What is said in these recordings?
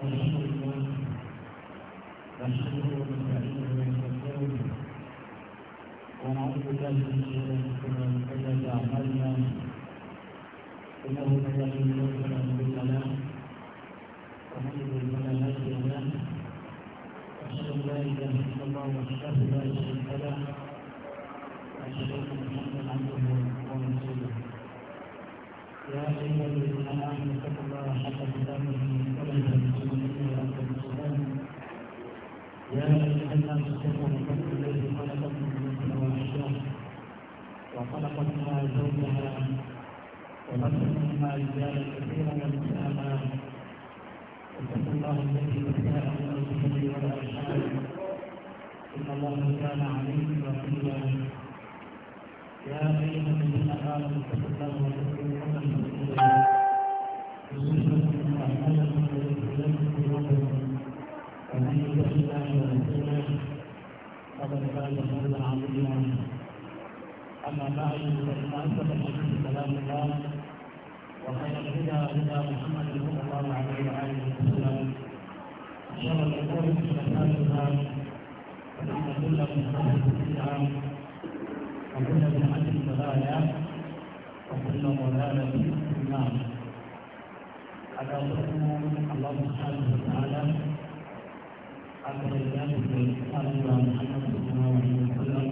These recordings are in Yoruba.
ونشكر الله ونشكره ونستعينه ونستغفره ونعوذ بالله من شرور انفسنا ومن سيئات اعمالنا انه من يهده الله فلا مضل له ومن يضلل فلا هادي له واشهد ان لا اله الا الله وحده لا شريك له واشهد ان محمدا عبده ورسوله يا ايها الذين امنوا اتقوا الله حق تقاته منها زوجها وبث رجالا كثيرا ونساء واتقوا الله الذي تساءلون به والارحام ان الله كان عليم رقيبا يا ايها الذين امنوا اتقوا الله واتقوا قولا سديدا يصلحكم اعمالكم الله ورسوله أما بعد فإن أصدق الحديث كلام الله وخير الهدى هدى محمد صلى الله عليه وآله وسلم شر الأمور محدثاتها فإن كل محدثة بدعة وكل بدعة ضلالة وكل ضلالة في النار على الله سبحانه وتعالى أكبر الإسلام محمد صلى الله عليه وسلم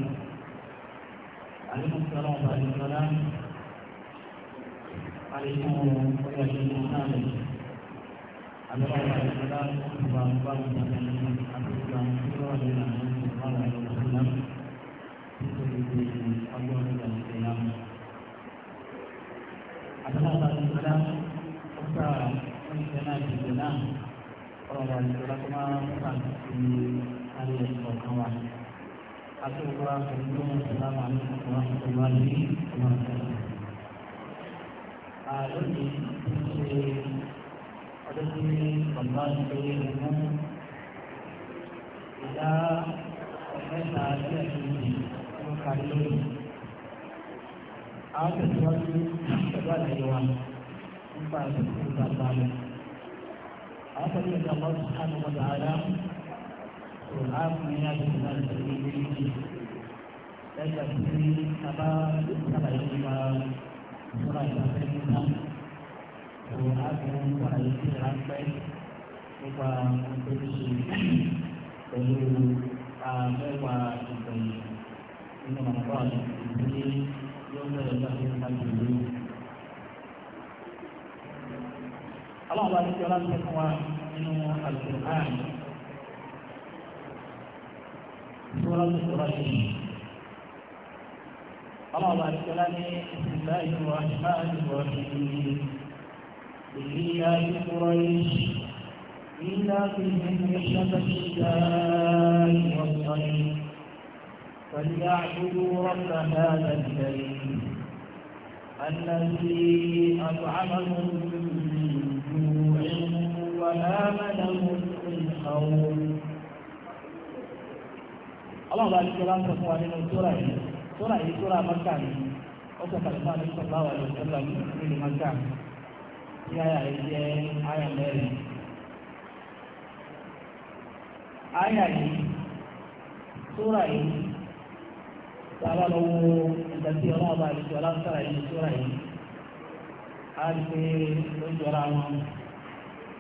ọlọ́run bá ní ọlá àlékún ọyọ ìṣẹ̀lẹ̀ náà lè àlọ́run bá ní ọlá ìgbà bá ní ọlá ní àtúgbà ìgbà ní ọlá ní ìgbà ní ọlá ní nítorí pé ọgbọ́n ìgbà ní ìgbà ní àlọ́run bá ní ọlá ó gbà wọ́n ìṣẹ̀lẹ̀ náà ti gbẹ̀ náà ọlọ́run bá ní ọlá kó máa ń fà sí alẹ́ ìkọ̀ọ̀kan wa. Assalamualaikum warahmatullahi wabarakatuh. Lónìí ṣe ọdún tí bàbá ń pè é mú ìdá mẹ́ta sílẹ̀ lónìí ló kárí lónìí. Àwọn tẹ̀síwájú pẹ̀lú àlàyé wa nípa ìṣẹ̀lẹ̀ bàbá rẹ̀. Àwọn tẹ̀síwájú àwọn sùkánù ọ̀dà ara ààfin ní àdúgbò náà ti rí ní ìlú lẹ́gbà tí bàbá sàlàyé nípa ìṣúra ìgbàfẹ́ nípa tó ààfin sàlàyé sí ìránpẹ́ nípa ìgbésí pẹ̀lú àmẹ́wàá ìgbẹ̀yìn nínú màmá ìdílé yóò bẹ̀rẹ̀ lọ́sẹ̀ láti ìlú. Àwọn ti fún wa nínú àlùkò ààrùn. سورة الرحيم الله على الكلام بسم الله الرحمن الرحيم لإيلاف قريش إيلافهم رحلة الشتاء فليعبدوا رب هذا البيت الذي أطعمهم من جوع وآمنهم من خوف ọlọ́run bá dìjọba ń sọ fún wa nínú tóra yìí tóra yìí tóra mọ́kà ni ó sọ kàlùfà ní sọ̀rọ̀ àwọn ìṣẹ̀lẹ̀ nínú mọ́kà tí àyà yìí jẹ́ àyà mẹ́rin. àyà yìí tóra yìí sábà lọ wo ìgbà tí ọlọ́run bá dìjọba ń sọ̀rọ̀ yìí tóra yìí á rí pé ó jọra wọn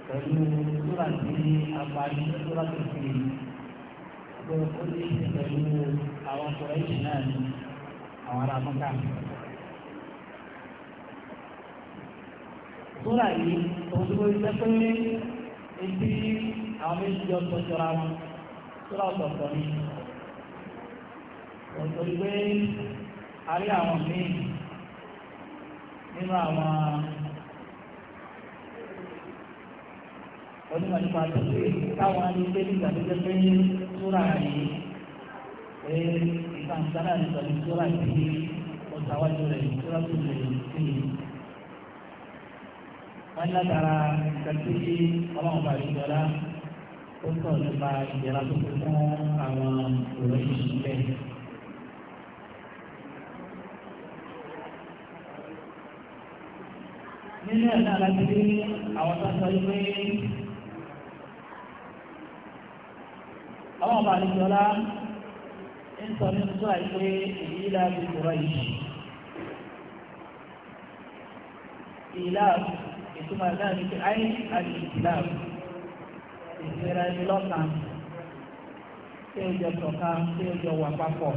pẹ̀lú tóra tí a parí tóra tó kiri yìí tó ó ní ṣe pẹ̀lú àwọn kùrẹ́ṣì náà ní àwọn ará mọ́ká. sóra yìí òun tó ṣe pé etí àwọn méjì jọ tó jọra wọn sóra ọ̀tọ̀ọ̀tọ̀ ni òun tó ṣe àwọn míì nínú àwọn. onímọ̀ nípa tẹ̀lé táwọn anígbé nígbà tó jẹ́ pé súrà yìí pé ìtàn sára ní pẹ̀lú súrà yìí ó tàwájú rẹ̀ súrà tó lè sí i. wọ́n látara kẹtí ọlọ́run bá yìí jọlá ó sọ nípa ìjẹ́ra tó kún fún àwọn òwe yìí nínú ẹ̀ náà láti rí àwọn tó ń sọ yìí pé ọlọ́run bá ní jọlá ń sọ ní sọ àìpé èyí láàbí kúrọ yìí ìlàbù ìtumọ̀ náà ní pé ayé àti ìlàbù ìfẹ́ra ẹni lọ́kàn tí ó jọ ṣọ̀kan tí ó jọ wà papọ̀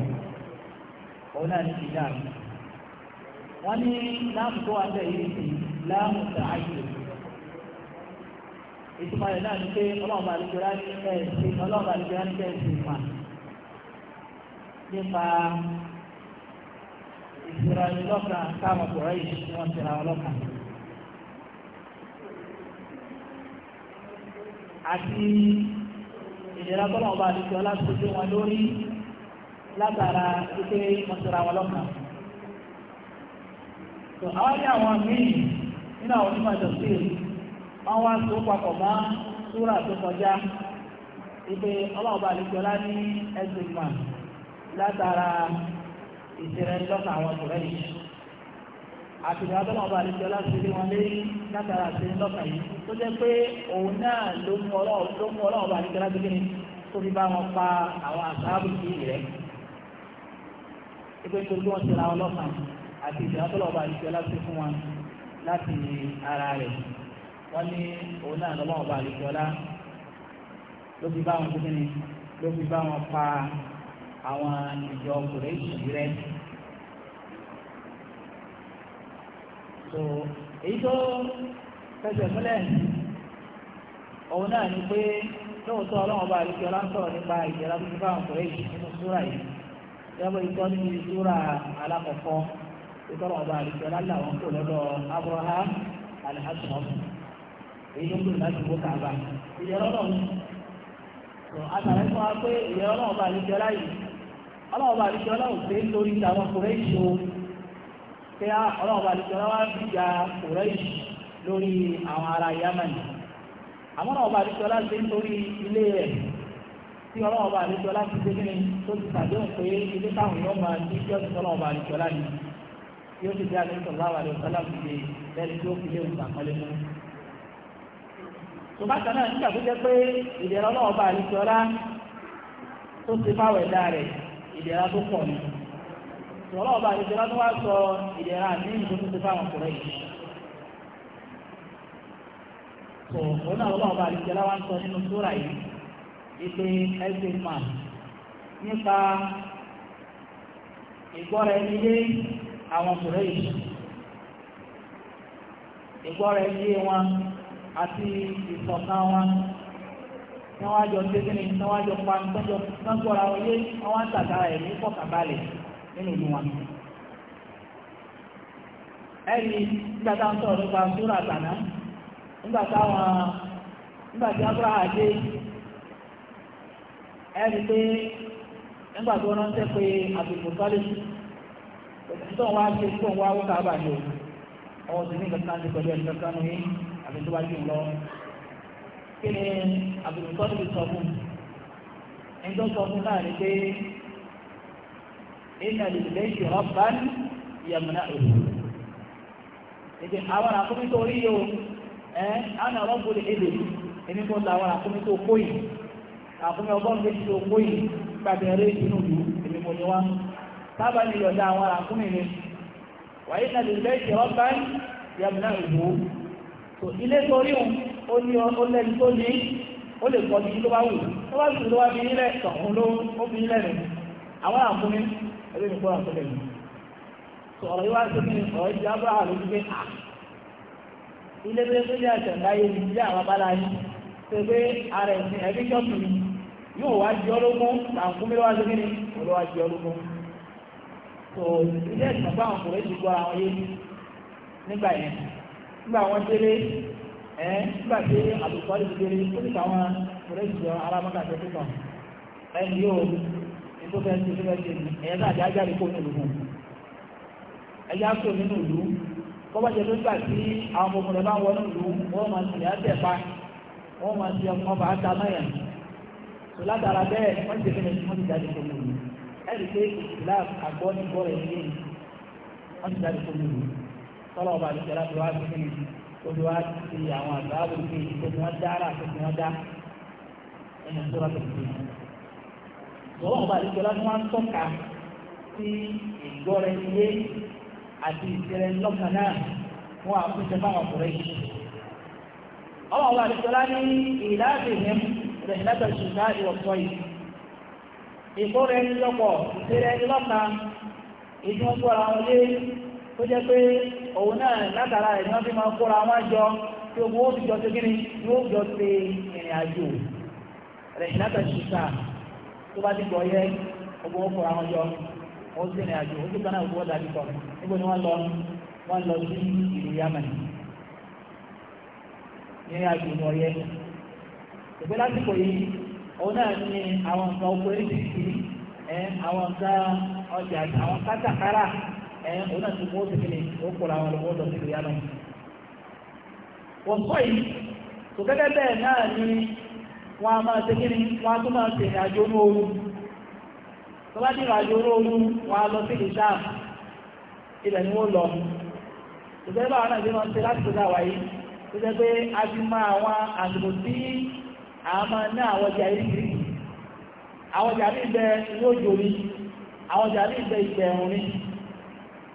òun náà ní ìlàbù wọ́n ní láàmù tó wà bẹ́ẹ̀ yìí sí láàmù tààyè ìtumọ̀ rẹ̀ náà ni pé ọlọ́run bá àlejò rá ní ẹ̀ẹ́sì ọlọ́run bá àlejò rá ní ẹ̀ẹ́sì mà nípa ìṣura ní lọ́kàn káwọn ọkùnrin yìí tí wọ́n ti ra wọn lọ́kàn. àti ìlera tọ́lọ́run bá àlejò aláṣojú wọn lórí látara pípé wọ́n ti ra wọn lọ́kàn. àwọn ní àwọn míì nínú àwọn onímọ̀ ìjọsìn wọ́n wá tó papọ̀ mọ́ súrà tó kọjá ipe ọlọ́ọ̀bá àlejòlá ní ẹgbẹ̀gbà látara ìṣẹ̀rẹ̀ lọ́kàn àwọn ọ̀rẹ́ yìí àtìgbà tó ọlọ́ọ̀bá àlejòlá ti rí wọn lé látara ìṣẹ̀rẹ̀ lọ́kàn yìí tó jẹ́ pé òun náà ló mú ọlọ́ọ̀bá àlejòlá ti kí ni tó fi bá wọn pa àwọn àṣàbù sí rẹ̀ ipe tó gbọ́n ti ra ọlọ́kàn àti ìṣẹ̀rẹ̀ tó ọlọ́ọ̀bá ti fún wọn láti ara rẹ̀ wọ́n ní òun náà lọ́wọ́ ọba àlejòọ́lá ló fi bá wọn gbé ní ló fi bá wọn pa àwọn ìjọ kùrẹ́ẹ̀sì rẹ̀. so èyí tó fẹsẹ̀ múlẹ̀ òun náà ni pé lóòótọ́ ọlọ́wọ́n ọba àlejòọ́lá ń sọ̀rọ̀ nípa ìjẹ́ra tó fi bá wọn kùrẹ́ẹ̀sì nínú súrà yìí yàgbọ́ ìtọ́ níbi ìṣúra alákọ̀ọ́kọ́ ìtọ́lọ̀ ọba àlejòọ́lá làwọn kò lọ́dọ̀ Abraham alhassan èyí ń lò láti wó kàbà ìyẹ̀rọ náà ni àtàrà fún wa pé ìyẹ̀rọ náà bá àlejò ọlá yìí ọlọ́wọ́ bá àlejò ọlá òfé lórí àwọn kòrẹ́ ìṣó pé ah, ọlọ́wọ́ bá àlejò ọlá wá fìjà kòrẹ́ ìṣó lórí àwọn ará yamani àmọ́ ọlọ́wọ́ bá àlejò ọlá ṣe ń torí ilé rẹ̀ tí ọlọ́wọ́ bá àlejò ọlá ti dé kíni tó ti pàdé òun pé ilé táwọn yóò máa ní kí ọ̀sìn ọlọ́wọ́ bá àlejò ọlá yóò ti dé àlejò ọlá wà lọ́sọ́lá tó bá náà nígbà pé ìdẹ̀ra ọlọ́wọ́ bá àlejò ọlá tó ti fáwọ̀ ẹ̀dá rẹ̀ ìdẹ̀ra tó pọ̀ ni ọlọ́wọ́ bá àlejò ọlá tó wá sọ ìdẹ̀ra àmì ìlú tó fáwọn ọkùnrin yìí náà ọlọ́wọ́ bá ọlá nínú sóra yìí ìpè máa nípa ìgbọ́ra ẹni yé àwọn ọkùnrin yìí ìgbọ́ra ẹni yé àti ìṣọ̀kan wọn tí wọ́n á jọ tẹ́sílẹ̀ wọ́n á jọ pa wọ́n ẹ̀ ní pọ̀kàbalẹ̀ nínú ìlú wọn. ẹ̀rí nígbà táwọn sọ̀rọ̀ nípa nígbà táwọn nígbà tí ẹ̀rí pé nígbà ránṣẹ́ pé wá ṣe wá wọ́n ní ti pẹ̀lú ẹ̀ àbí tó bá jù lọ kí ni àbùkù tó sọ fún ẹni tó sọ fún náà ni pé ìnà lè ṣe ọba ìyàmùnà òru ètò àwọn àkómi tó rí yìí o ẹ àwọn àwọn ọgbọdọ èdè èmi kò lọ àwọn àkómi tó kó yìí àkómi ọgọ́rùn méjì tó kó yìí gbàgbére inú ìlú èmi kò ní wá sábà ní ìyọ̀dá àwọn àkómi mi wàyí ìnà lè ṣe ọba ìyàmùnà òru tò ilé torí òun ó ní ó lẹ́ni tó ní ó lè kọ́ ní ló bá wù tó bá sì ló wá fi nílẹ̀ tàn òun ló ó fi nílẹ̀ rẹ̀ àwọn àǹfọ̀mí ẹgbẹ́ mi kó àǹfọ̀mí mi tò ọ̀rọ̀ yìí wá sí kí ni ọ̀rọ̀ ìdí abúlé ló ti gbé à ilé tó tó jẹ́ àtẹ̀láyé ni ilé àwọn abala yìí tó gbé ara ẹ̀sìn ẹ̀bí jọ́sìn mi yóò wá jẹ́ ọlógún àǹfọ̀mí ló wá sí kí ni òun wá jẹ́ ọlógún tò ilé ìtàn nígbà wọn délé ẹ̀ nígbà tí àlùkò àti délé ó ní káwọn ọ̀rẹ́ ìjọ arámọ́ta tó tán ẹ̀ ní o ètò fẹ́ ṣe fẹ́ ṣe ẹ̀yẹ náà àti ajáde kó nínú ìlú ẹ̀yà kó nínú ìlú bọ́bá jẹ́ nígbà tí àwọn ọmọkùnrin rẹ̀ bá wọ nínú ìlú wọ́n máa ti yà tẹ̀ pa wọ́n máa ti ọmọ bàá ta mẹ́yà tó látara bẹ́ẹ̀ wọ́n ti fẹ́ wọ́n ti jáde kó nínú ìlú ẹ̀rí pé ìlà àgbọ̀ ní bọ́ọ̀lù ẹ̀yẹ wọ́n ti jáde kó nínú ìlú tọ́lọ̀ ọba àti ìṣẹ́lá tó wá sí kíni tó fi wá sí àwọn àgbáàbò kí tó fi wọ́n dá ara tó fi wọ́n dá ẹni tó rà tó fi wọ́n. tọ́lọ̀ ọba àti ìṣẹ́lá tó wá ń tọ́ka sí ìgbọ́ra ilé àti ìṣẹ̀lẹ̀ lọ́kàn náà fún àkóso fáwọn ọkùnrin ọmọ ọba àti ìṣẹ́lá ní ìlàbẹ̀ yẹn rẹ̀ ṣùgbọ́n ìwọ̀sọ yìí ìkórè ńlọ́pọ̀ ìṣẹ̀lẹ̀ ńlọ́ka ìdúnwó tó jẹ́ pé òun náà látara ẹ̀ ní wọ́n fi máa kóra jọ tí ogun ó ti jọ jọ ìrìn àjò rẹ̀ látà ṣùṣà tó bá ti gbọ́ yẹ ogun ó kóra jọ ó sì rìn àjò ó sì kan náà ogun dàbí kọ níbo ni wọ́n lọ wọ́n lọ sí ìlú yamẹ̀ ìrìn àjò ní ọyẹ ìgbé lásìkò yìí òun náà ní àwọn nǹkan oko àwọn ẹ̀ ọ náà ti kó ti kìnnì ó kóra wọn lọ́wọ́ lọ sí ìlú yálà. wọ́n sọ yìí tó gẹ́gẹ́ bẹ́ẹ̀ náà ni wọ́n a máa ṣe kí ni wọ́n a tún máa ṣe ìrìnàjò ní ooru tó bá dìrò ní ooru wọ́n a lọ sí ni wọ́n lọ. tó gẹ́gẹ́ báwọn náà ṣe máa ṣe láti tó dáwà tó jẹ́ pé a ti máa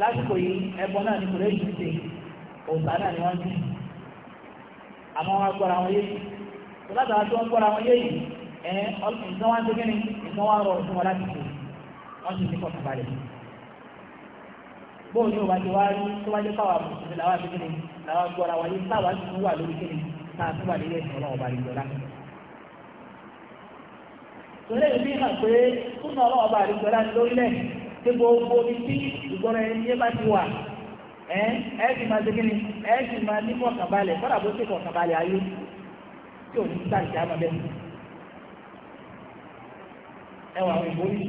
lásìkò yìí ẹbọ náà ní kò lè ṣe òòsà náà ni wọ́n ti àmọ́ wọn gbọ́ra wọn yé yìí gbọ́ra wọn yé yìí wọn ti kí ni wọn wọn láti ṣe wọ́n sì ní kọ̀ọ̀kan balẹ̀ bóun rí tó mùsùlùmí làwọn àti kí ni làwọn gbọ́ra wọn yé tí gbogbo omi tí ìgbọ́ra ẹni yé bá ti wà ẹ ẹ máa ṣe kíni ẹ máa ní fọdà bó ṣe ayé tí ò ní sáà ụgbọrọ ẹ wà àwọn ìbòrí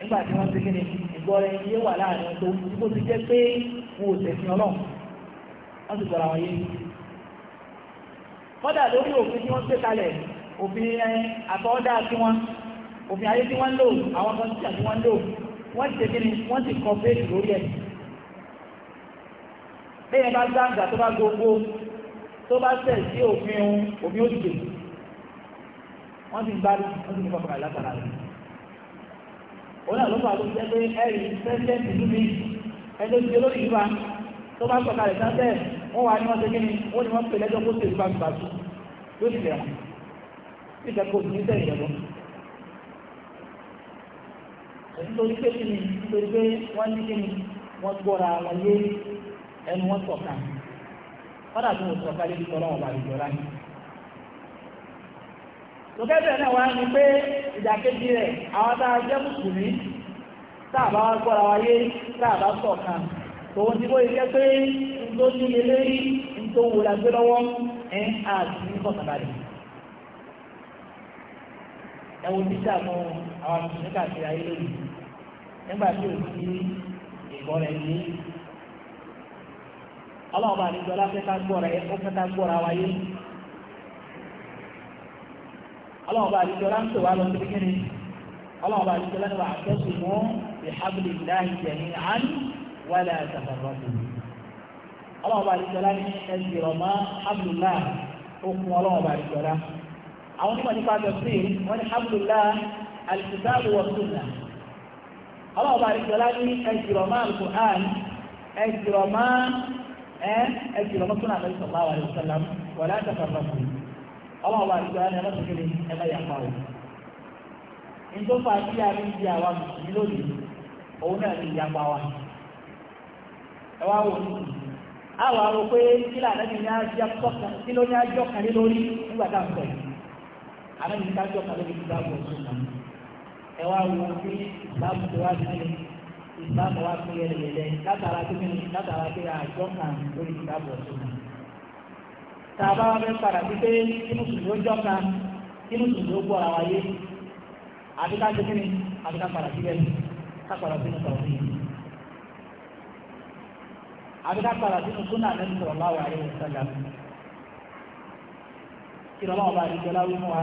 nígbà tí ṣe kíni ìgbọ́ra ẹni yé wà láàrin tó ti pé wọn ò gbọ́ra wọn yé fọdà lórí òfin tí òfin ayé tí wọ́n lò àwọn kọ́ńtíṣà tí wọ́n lò wọ́n ti tẹ́kí ni wọ́n ti kọ́ bẹ́ẹ̀lì lórí ẹ̀ lẹ́yìn bá gbàgbà tó bá gbogbo tó bá tẹ̀ sí òfin ohun òfin òṣìṣẹ́ wọ́n ti gbárí wọ́n ti ní pàpàrà látara rẹ̀ òun náà ló fà ló jẹ́ pé ẹ̀rí pẹ́sẹ́ǹtì ìlú mi ẹjọ́ ti olórí ìlú wa tó bá sọ̀kalẹ̀ sáńtẹ̀ wọ́n wà ní wọ́n tẹ́kí ni wọ́n ni wọ́n pè lẹ́jọ́ kó tèlú bá gbàgbà tó ti tẹ̀ wọ́n nítorí pé kí ni nítorí pé wọ́n ní kí ni wọ́n gbọ́ra wọn lé ẹnu wọn sọ̀kan kọ́dà tó wọ́n sọ̀kan lé ní ọlọ́wọ́ bá lè jọra ní. tòkẹ́bẹ̀ẹ́ náà wá ní pé ìdàkejì rẹ̀ àwọn tá a jẹ́ mùsùlùmí tá a bá wá gbọ́ra wa yé tá a bá sọ̀kan tòun ti bóyá jẹ́ pé nítorí ní ilé rí nítorí wò la gbé lọ́wọ́ ẹ̀ àti ní sọ̀kan balẹ̀ ẹ̀wọ̀n ti dààmú àwọn mùsùlùmí káàkiri ayé lónìí nígbà tí ò sí ìgbọ́ rẹ̀ ní. ọlọ́run bá níjọ láfẹ́ká gbọ́ra ẹ ó fẹ́ká gbọ́ra wáyé. ọlọ́run bá níjọ láńtò wá lọ sí kíni ọlọ́run bá níjọ lánàá àtẹ́sùn mọ́ ìhábìlì láì jẹ̀mí àn wálé àtàkàrọ̀tù. ọlọ́run bá níjọ lánàá ẹ̀sìn ìrọ̀mọ́ hábìlì okun ọlọ́run bá níjọ lá. ọlọ́ọ̀bá àríkọlá ní ẹjìrọ̀ máa lùkù hàn ẹjìrọ̀ máa ẹjìrọ̀ máa tún àmẹ́sọ̀ bá wà lọ́sọ̀lá wà látàkàrà fún ọlọ́ọ̀bá àríkọlá ní ẹlọ́sọ̀kẹ́lẹ́ ẹgbẹ́ yàpá o nítorí àti àmì ìdí àwa mùsùlùmí lónìí òun náà ní ìyapa wa ẹ wá wò ní pé kí lànàmì ní ní kan lórí nígbà tá ẹ wá wo bí ìsìlámù tó wá sí ìsìlámù wá sí ẹlẹ́yẹlẹ́ látara pé látara pé àjọ kan lórí ìsìlámù ọ̀tún náà. tàbá wa fẹ́ padà sí pé inú sùn ló jọ kan inú sùn ló gbọ́ ara yé àbí ká ṣe kíni àbí ká padà síbẹ̀ ká padà sínú sọ̀rọ̀ sí i. àbí ká padà sínú súnà nínú sọ̀rọ̀ láwàá yẹn sọ̀rọ̀ kí lọ́wọ́ bá a di jọ láwùjọ wa.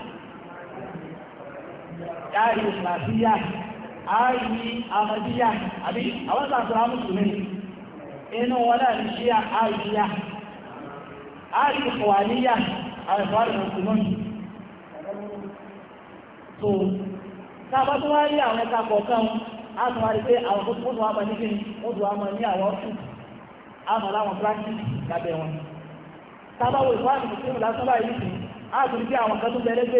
káàrí ìsìnàṣíyà ààrí àmàdíyà àbí àwọn sàtàrà mùsùlùmí inú wọn náà ní ịnụ ààríyà ààrí ìfọ̀wàníyà ya ìfọ̀wàrí ya so sábà tó wá rí àwọn ẹ̀ka kọ̀ọ̀kan a tún wá rí pé wọn wo a tún rí pé àwọn kan tó bẹ̀rẹ̀ pé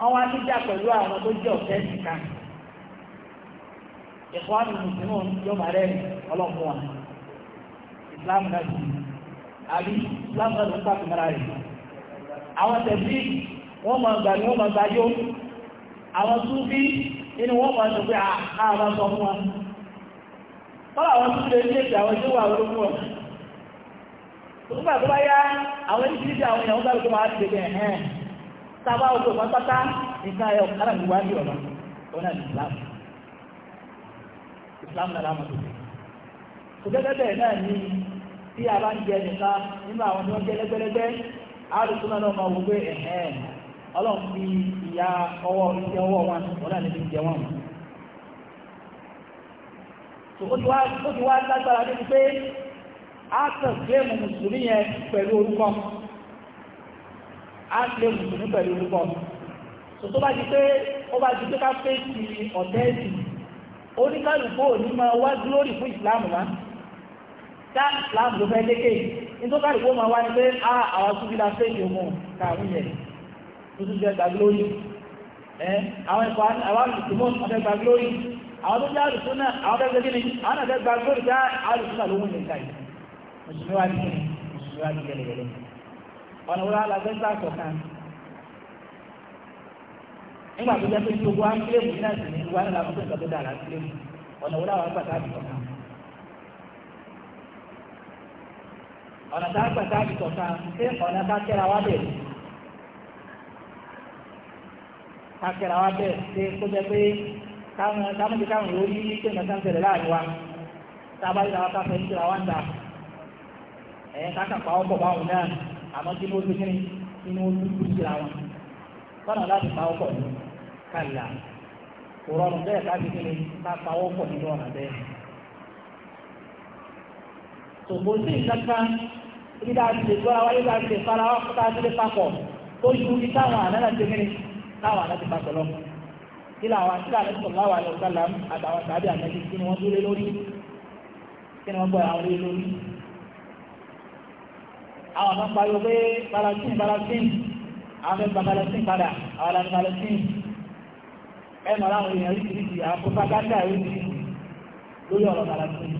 wọ́n wá níjà pẹ̀lú àwọn tó jẹ́ ọ̀tẹ́ nìkan ẹ̀kọ́ àmì mùsùlùmí yóò máa rẹ̀ ọlọ́pọ̀ islam náà sí àbí islam náà ló ń pàtó mọ́ra rẹ̀ àwọn tẹ̀sí wọ́n máa gbà ní wọ́n máa gbàjó àwọn túbí inú wọ́n máa sọ pé àbá sọ fún wọn kọ́lá àwọn túbí lè ṣe ìgbà àwọn ìṣòwò àwọn ológun wọn tó ń gbà tó bá yá àwọn àwọn tó máa ti tàbá ọjọ́ wọn pátá nǹkan ẹ̀ alágbèwá ní ọ̀nà ọ̀nà islam islam náà lámà kò gẹ́gẹ́ bẹ́ẹ̀ náà ni tí a bá ń jẹ nìkan nínú àwọn tí wọ́n jẹ lẹ́gbẹ́lẹ́gbẹ́ àrùsùn náà ọlọ́run fi ìyá ọwọ́ ọwọ́ wọn níbi wọn. ó ti wá lágbára pé a mùsùlùmí yẹn pẹ̀lú á lè mùsùlùmí pẹ̀lú orúkọ tó tó bá di pé ó bá di pé ká fèsì ọ̀tẹ́ẹ̀sì oníkàlùkù òní máa wá gílórì fún ìsìláàmù má tá ìsìláàmù ló fẹ́ lékè nítòkàlùkù máa wá ní pé á àwọn súnbílà fèsì ọmọ kàrún yẹn tó tún jẹ gbàgílórì àwọn ẹ̀kọ́ àwọn ìsìmọ́ ọ̀fẹ́ gbàgílórì àwọn tó jẹ́ àrùsúnà àwọn ẹgbẹ́ gíní àwọn ẹgbẹ́ gbàgílórì jẹ́ àrùsúnà lówó ní ìgbà yìí mùsùlùmí wá ní gíní mùsùlùmí wá ní gẹ́lẹ́gẹ́lẹ́ ọ̀nà wọ́n alágbẹ́sà kọ̀ọ̀kan nígbà tó jẹ́ pé tí gbogbo áńkílẹ̀mù náà sì ní wọ́n alágbẹ́sà kọ̀ọ̀kan tó dára áńkílẹ̀mù ọ̀nà wọ́n àwọn àgbàtà àbí kọ̀ọ̀kan ọ̀nà tá àgbàtà àbí kọ̀ọ̀kan ṣé ọ̀nà tá kẹ́ra wá bẹ̀ ká kẹ́ra wá bẹ̀ ṣé kó jẹ́ pé káwọn ti káwọn lórí pé nǹkan ṣẹlẹ̀ láàrin wa tá a bá yíra àmọ́ kí ló dúkìrì kí ló dúkú síra wọn tọ́nà láti pa ọkọ̀ ní kàlà kò rọrùn bẹ́ẹ̀ káàkiri kí ni ká pa ọkọ̀ nínú ọ̀nà bẹ́ẹ̀. tòbó sí ìjọba ibi tá a ti lè gbọ́ra wáyé tá a ti lè fara wá tá a ti lè papọ̀ tó ju ibi táwọn ànára ti mìíràn táwọn àná ti papọ̀ lọ. kí làwọn kí làwọn ẹ̀sìn láwà lọ sálàm àtàwọn tàbí ànájú kí ni wọ́n dúró lórí kí ni wọ́n gbọ́ra àwọn lórí àwọn kan pariwo pé balasin Palestine àwọn fẹ́ gba Palestine padà àwọn alámi Palestine ẹ mọ̀ láwọn èèyàn oríṣiríṣi àwọn propaganda oríṣiríṣi lórí ọ̀rọ̀ Palestine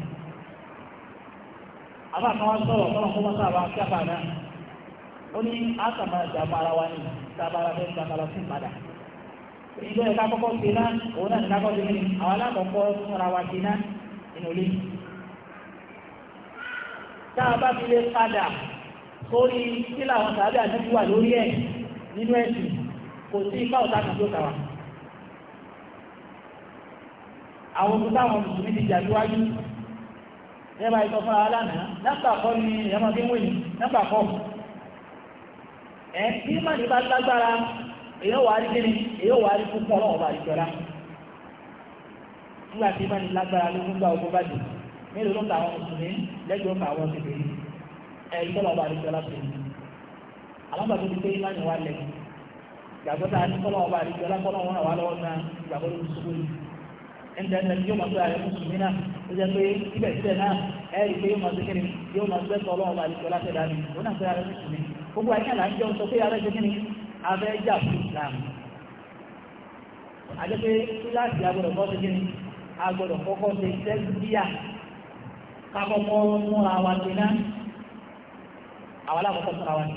àbá kan wọ́n sọ̀rọ̀ kọ́nà kó mọ́sá àwọn akẹ́kọ̀ọ́ náà ó ní àtàmà ìjàmù ara wa ní sábàrà fẹ́ gba Palestine padà ìjọ ẹ̀ka kọ́kọ́ ṣe náà òun náà ní ká kọ́kọ́ ṣe àwọn alákọ̀ọ́kọ́ fúnra wa ṣe náà ìnú lé bá fi lè padà sórí kí làwọn tàbí ànábì wà lórí ẹ̀ nínú ẹ̀sìn kò sí ipá ọ̀tá kan tó kàwà àwọn ogun táwọn mùsùlùmí ti jà níwájú ẹbà ìtọ́ fún ara lánàá lápàkọ́ ni ìyàmọ́ bí wọ́n ní lápàkọ́ ẹ̀ tí má ní bá lágbára èyàn wà rí kíni èyàn wà rí púpọ̀ ọlọ́wọ́ bá ìjọra nígbà tí má ní lágbára ló gbúgbà ogun bá dùn mélòó ló ń ta àwọn mùsùlùmí lẹ́gbẹ̀ẹ́ ọkọ̀ àwọn kékeré ẹ̀rí tọ́lọ̀ ọba àdìsọ́ láti rí alábàá tó ti pé ìmáàmù wa lẹ̀ gbàgbọ́ tá a ní tọ́lọ̀ ọba àdìsọ́ lápọ́nà wọn wà lọ́wọ́ náà ló yìí yóò máa tó ààrẹ náà ó jẹ́ pé síbẹ̀síbẹ̀ náà ẹ̀rí pé yóò máa kíni yóò máa tọ́lọ̀ ọba dá mi ó náà ààrẹ gbogbo àwọn alákọ̀ọ́kọ́ fúnra wa ni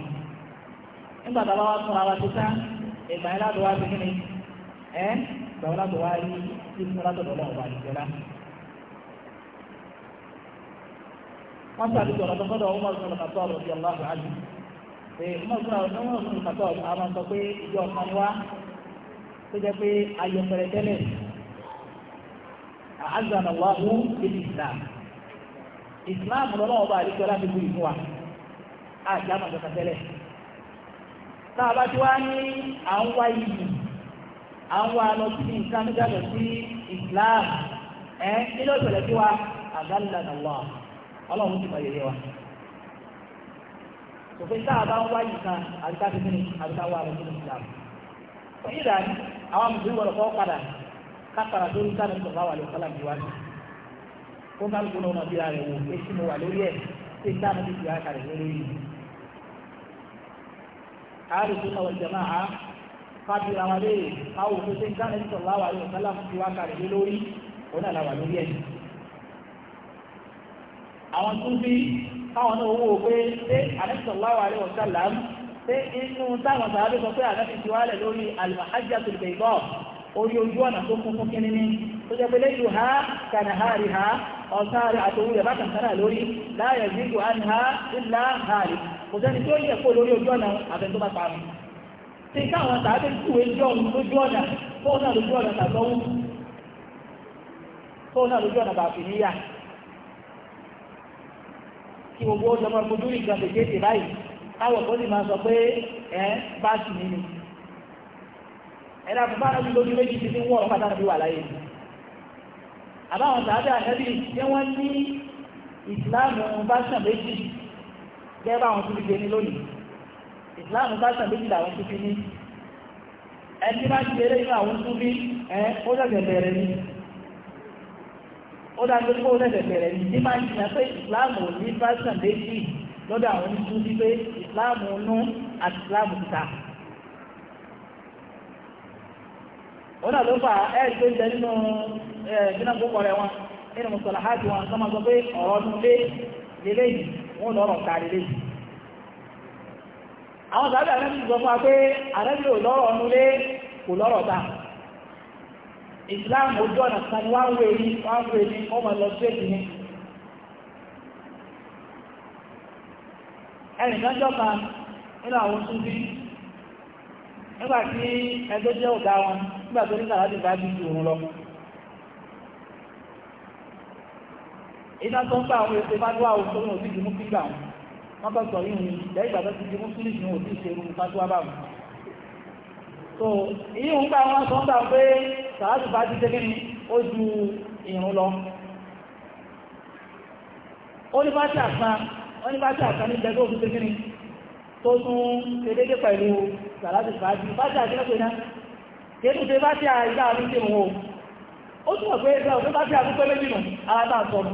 nígbà tá a bá wá fúnra wa títà ìgbà yẹn láti wá sí kíni ẹ ìgbà wọn láti wá rí sí fún látọ̀dọ̀ ọlọ́run wa nìjọba. wọ́n sàbí sọ̀rọ̀ tó kọ́dọ̀ ọmọ ọdún ọ̀nà kàtọ́ ọ̀rọ̀ sí ọlọ́run àjù pé ọmọ ọdún ọ̀nà kàtọ́ ọ̀rọ̀ àwọn sọ pé ìjọ ọ̀kan ni tó jẹ́ pé ayọ̀ pẹ̀rẹ̀ tẹ́lẹ̀ àzànà wà wú ìsìlámù ìsìlámù lọ́wọ́ ọba àdìsọ́lá ti bu ìfún wa àjámà kankan tẹ́lẹ̀ tá a bá ti wá ní à ń wá iyì à ń wá lọ sí nǹkan tó yàtọ̀ sí Islam ẹ nílò ìṣẹ̀lẹ̀ sí wa àgbàlá nà wà ọlọ́run ti mọ yẹyẹ wa òfin tá a bá ń wá yìí kan àbíká ti fi ní àbíká wà lọ sí Islam òyìn dà ní àwọn mùsùlùmí wọlé kọ́ padà kápára tó ń sáré sọ̀rọ̀ àwọn àlè sálàmì wa kó kálukú tí ń dáná bí ìyá kalẹ̀ lórí yìí. Ààrẹ tó náwó jẹ̀má a fábí ra wa lé àwọn òfin tí ń dáná bí sọ̀rọ̀ láwà yóò sálà fún ìwà kalẹ̀ lórí òun náà làwà lórí ẹ̀. Àwọn tún bí káwọn náà owó pé ṣé àlẹ́sọ̀ láwà yóò ṣé inú táwọn sàábẹ́ sọ pé àlẹ́sọ̀ ti wálẹ̀ lórí àlùmáhájà tó lè bọ̀ orí ojú ọ̀nà tó kún fún kínní tó jẹ́ pé lẹ́yìn ha kànáhàrí ha ọ̀sáàrí àtòwú rẹ̀ bákan sára lórí láyẹ̀ zígbò án ha ńlá hàrí kò sẹ́ni tó yẹ kó lórí ojú ọ̀nà àbẹ̀ tó bá pa mi tí káwọn tàbí kúwe lójú ọ̀nà fóònà lójú ọ̀nà tàbọ́wú fóònà lójú ọ̀nà bàfì níyà kí gbogbo ọjọ́ máa fojú ìgbà gbèjèèjì báyìí káwọ̀ kó sì máa sọ pé ẹ bá sì nínú ẹ̀dá fún bá àbáwọn sàádà ànábì tí wọ́n ní ìsìláàmù fásitàn méjì gẹ́gẹ́ báwọn tó fi gbé ní lónìí ìsìláàmù fásitàn méjì làwọn tó fi ní ẹni máa ti eré inú àwọn tó bí ẹ ó dẹ̀dẹ̀ bẹ̀rẹ̀ ni ó dájú pé ó dẹ̀dẹ̀ bẹ̀rẹ̀ ni tí máa ń jìnà pé ìsìláàmù ní fásitàn méjì lọ́dọ̀ àwọn tó bí pé ìsìláàmù nú àti ìsìláàmù ta ó dà ló fà ẹ́ẹ̀gbẹ́ jẹ nínú gina eh, gbogbo rẹ̀ wọn nínú mùsùlùmí àti wọn sọmọ sọ pé ọ̀rọ̀ ọdún lé lélẹ́ yìí wọ́n lọ́rọ̀ ká lélẹ́ yìí àwọn sàbẹ̀ àrẹ́bí sọ fún wa pé àrẹ́bí ò lọ́rọ̀ ọdún lé kò lọ́rọ̀ ta ìsìláàmù ojú ọ̀nà kan ni lọ sí èdè ní kan nínú àwọn ẹgbẹ́ jẹ́ ọ̀gá iná tó ń bá àwọn ètò bá dúwà òun tó ń òsì jùmú fígbà wọn wọ́n kọ́ sọ yìí lẹ́yìn ìgbà tó ti jùmú sílì jùmú òsì ṣe irú fatuwa bá wọn so èyí ń gbà wọn sọ ń gbà pé sàásù bá ti tẹ́gẹ́ ni ó ju ìrún lọ ó ní bá ti àkan ó ní bá ti àkan ní ìgbẹ́ tó tún tẹ́gẹ́ ni tó tún ṣe déédé pẹ̀lú sàásù bá ti bá ti àkẹ́kọ̀ọ́ pé náà kéèkù tẹ́ bá ti àìgbà àbí tẹ́ mọ́ ó túnmọ̀ pé ẹgbẹ́ ọ̀fẹ́ bá ti àkúpẹ́ méjì nù ara náà sọ̀rọ̀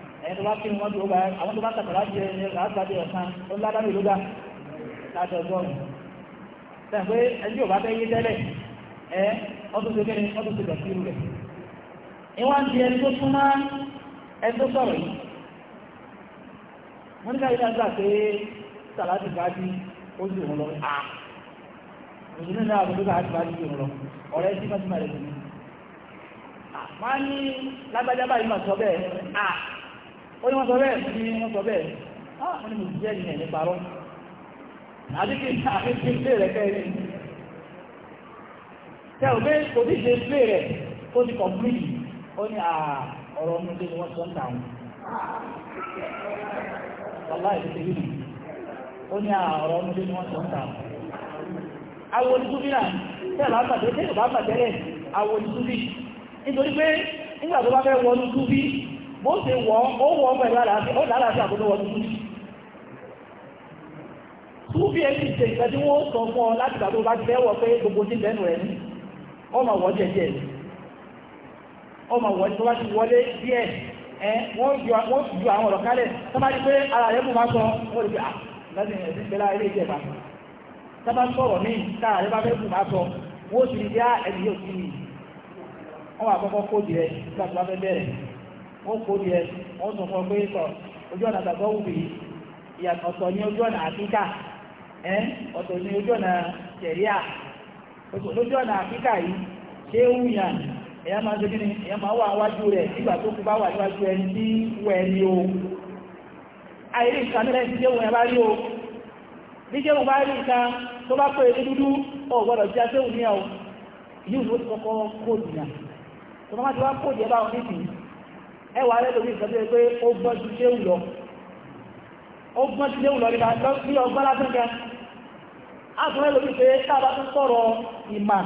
ẹni tó bá kí wọn tó bá àwọn tó bá tàbí láti ẹni láti ọ̀sán ó ládàbí ló dá láti ọgọ́rùn-ún sẹ́yìn pé ẹni yóò bá fẹ́ yé tẹ́lẹ̀ ẹ ọdún tó kẹ́ni ọdún tó gbàtí rẹ̀ ìwọ́n ti ẹni tó súnmọ́ ẹni tó sọ̀rọ̀ yìí wọ́n ní ká yíká gbà pé sàlájì bá dí ó jù wọn lọ à òṣèlú náà àbúrò bá bá dí jù wọn lọ ọ̀rẹ́ tí mọ́tí máa rẹ̀ jù mí. ní lágbájá báyìí máa sọ bẹ́ẹ̀ à ó ní wọ́n sọ bẹ́ẹ̀ ní wọ́n sọ bẹ́ẹ̀ ah wọ́n ní mo jẹ́ ìyẹn ní parọ́ àti kí àfi fi pé rẹ̀ kẹ́ ẹni tẹ́ ò pé kò tí ṣe pé rẹ̀ ó ti kọ̀m̀pìlì ó ní ọ̀rọ̀ ọmọ ilé ni wọ́n sọ ń tà wọn wàláì tó ti rí mi ó ní ọ̀rọ̀ ọmọ ilé ni wọ́n sọ ń tà wọn awo onígbúbíà tẹ́ bá bàtẹ́ tẹ́ bá bàtẹ́lẹ̀ awo onígbúbí nítorí pé nígbà tó bá fẹ́ wọnú gbúbí bó ṣe wọ́ ó wọ́ pẹ̀lú àlàáfíà tó lọ́wọ́ tuntun tún bí ẹni ṣe ìfẹ́ tí wọ́n sọ fún ọ láti gbàgbọ́ bá ti fẹ́wọ̀ pé gbogbo ti bẹ́nu rẹ̀ ní ọmọ wọ́ jẹ́jẹ́ ọmọ wọ́ tó bá ti wọlé díẹ̀ wọ́n ju àwọn ọ̀rọ̀ kálẹ̀ tó bá ti pé ara rẹ̀ mú máa sọ wọ́n rí pé ah láti ẹ̀sìn pẹ̀lá ilé ìjẹba tó bá sọ̀rọ̀ míì tára rẹ̀ bá fẹ́ mú máa sọ wọ́n ti rí bí ẹni yóò sí mi wọ́n wà kọ́kọ́ kó jẹ́ nígbà tó bá fẹ́ bẹ̀rẹ̀ wọ́n kó ẹ wọ́n sọ fún pé sọ ojú ọ̀nà tàbí ọ̀hún bì ọ̀tọ̀ ní ojú ọ̀nà àfíkà ọ̀tọ̀ ní ojú ọ̀nà sẹ̀ríà lójú ọ̀nà àfíkà yìí ṣé ó ẹ̀yà máa ṣe kíni ẹ̀yà máa wà wájú o àìrí nǹkan o bí bá rí nǹkan tó bá pè é dúdú jẹ́ ní ló ti kọ́kọ́ kóòdù ẹwà rẹ̀ lórí pé ó gbọ́n ti léwu lọ ó gbọ́n ti léwu lọ nípa lọ́sí ọgbọ́n lásán a tún rẹ̀ pé tábà tún sọ̀rọ̀ ìmà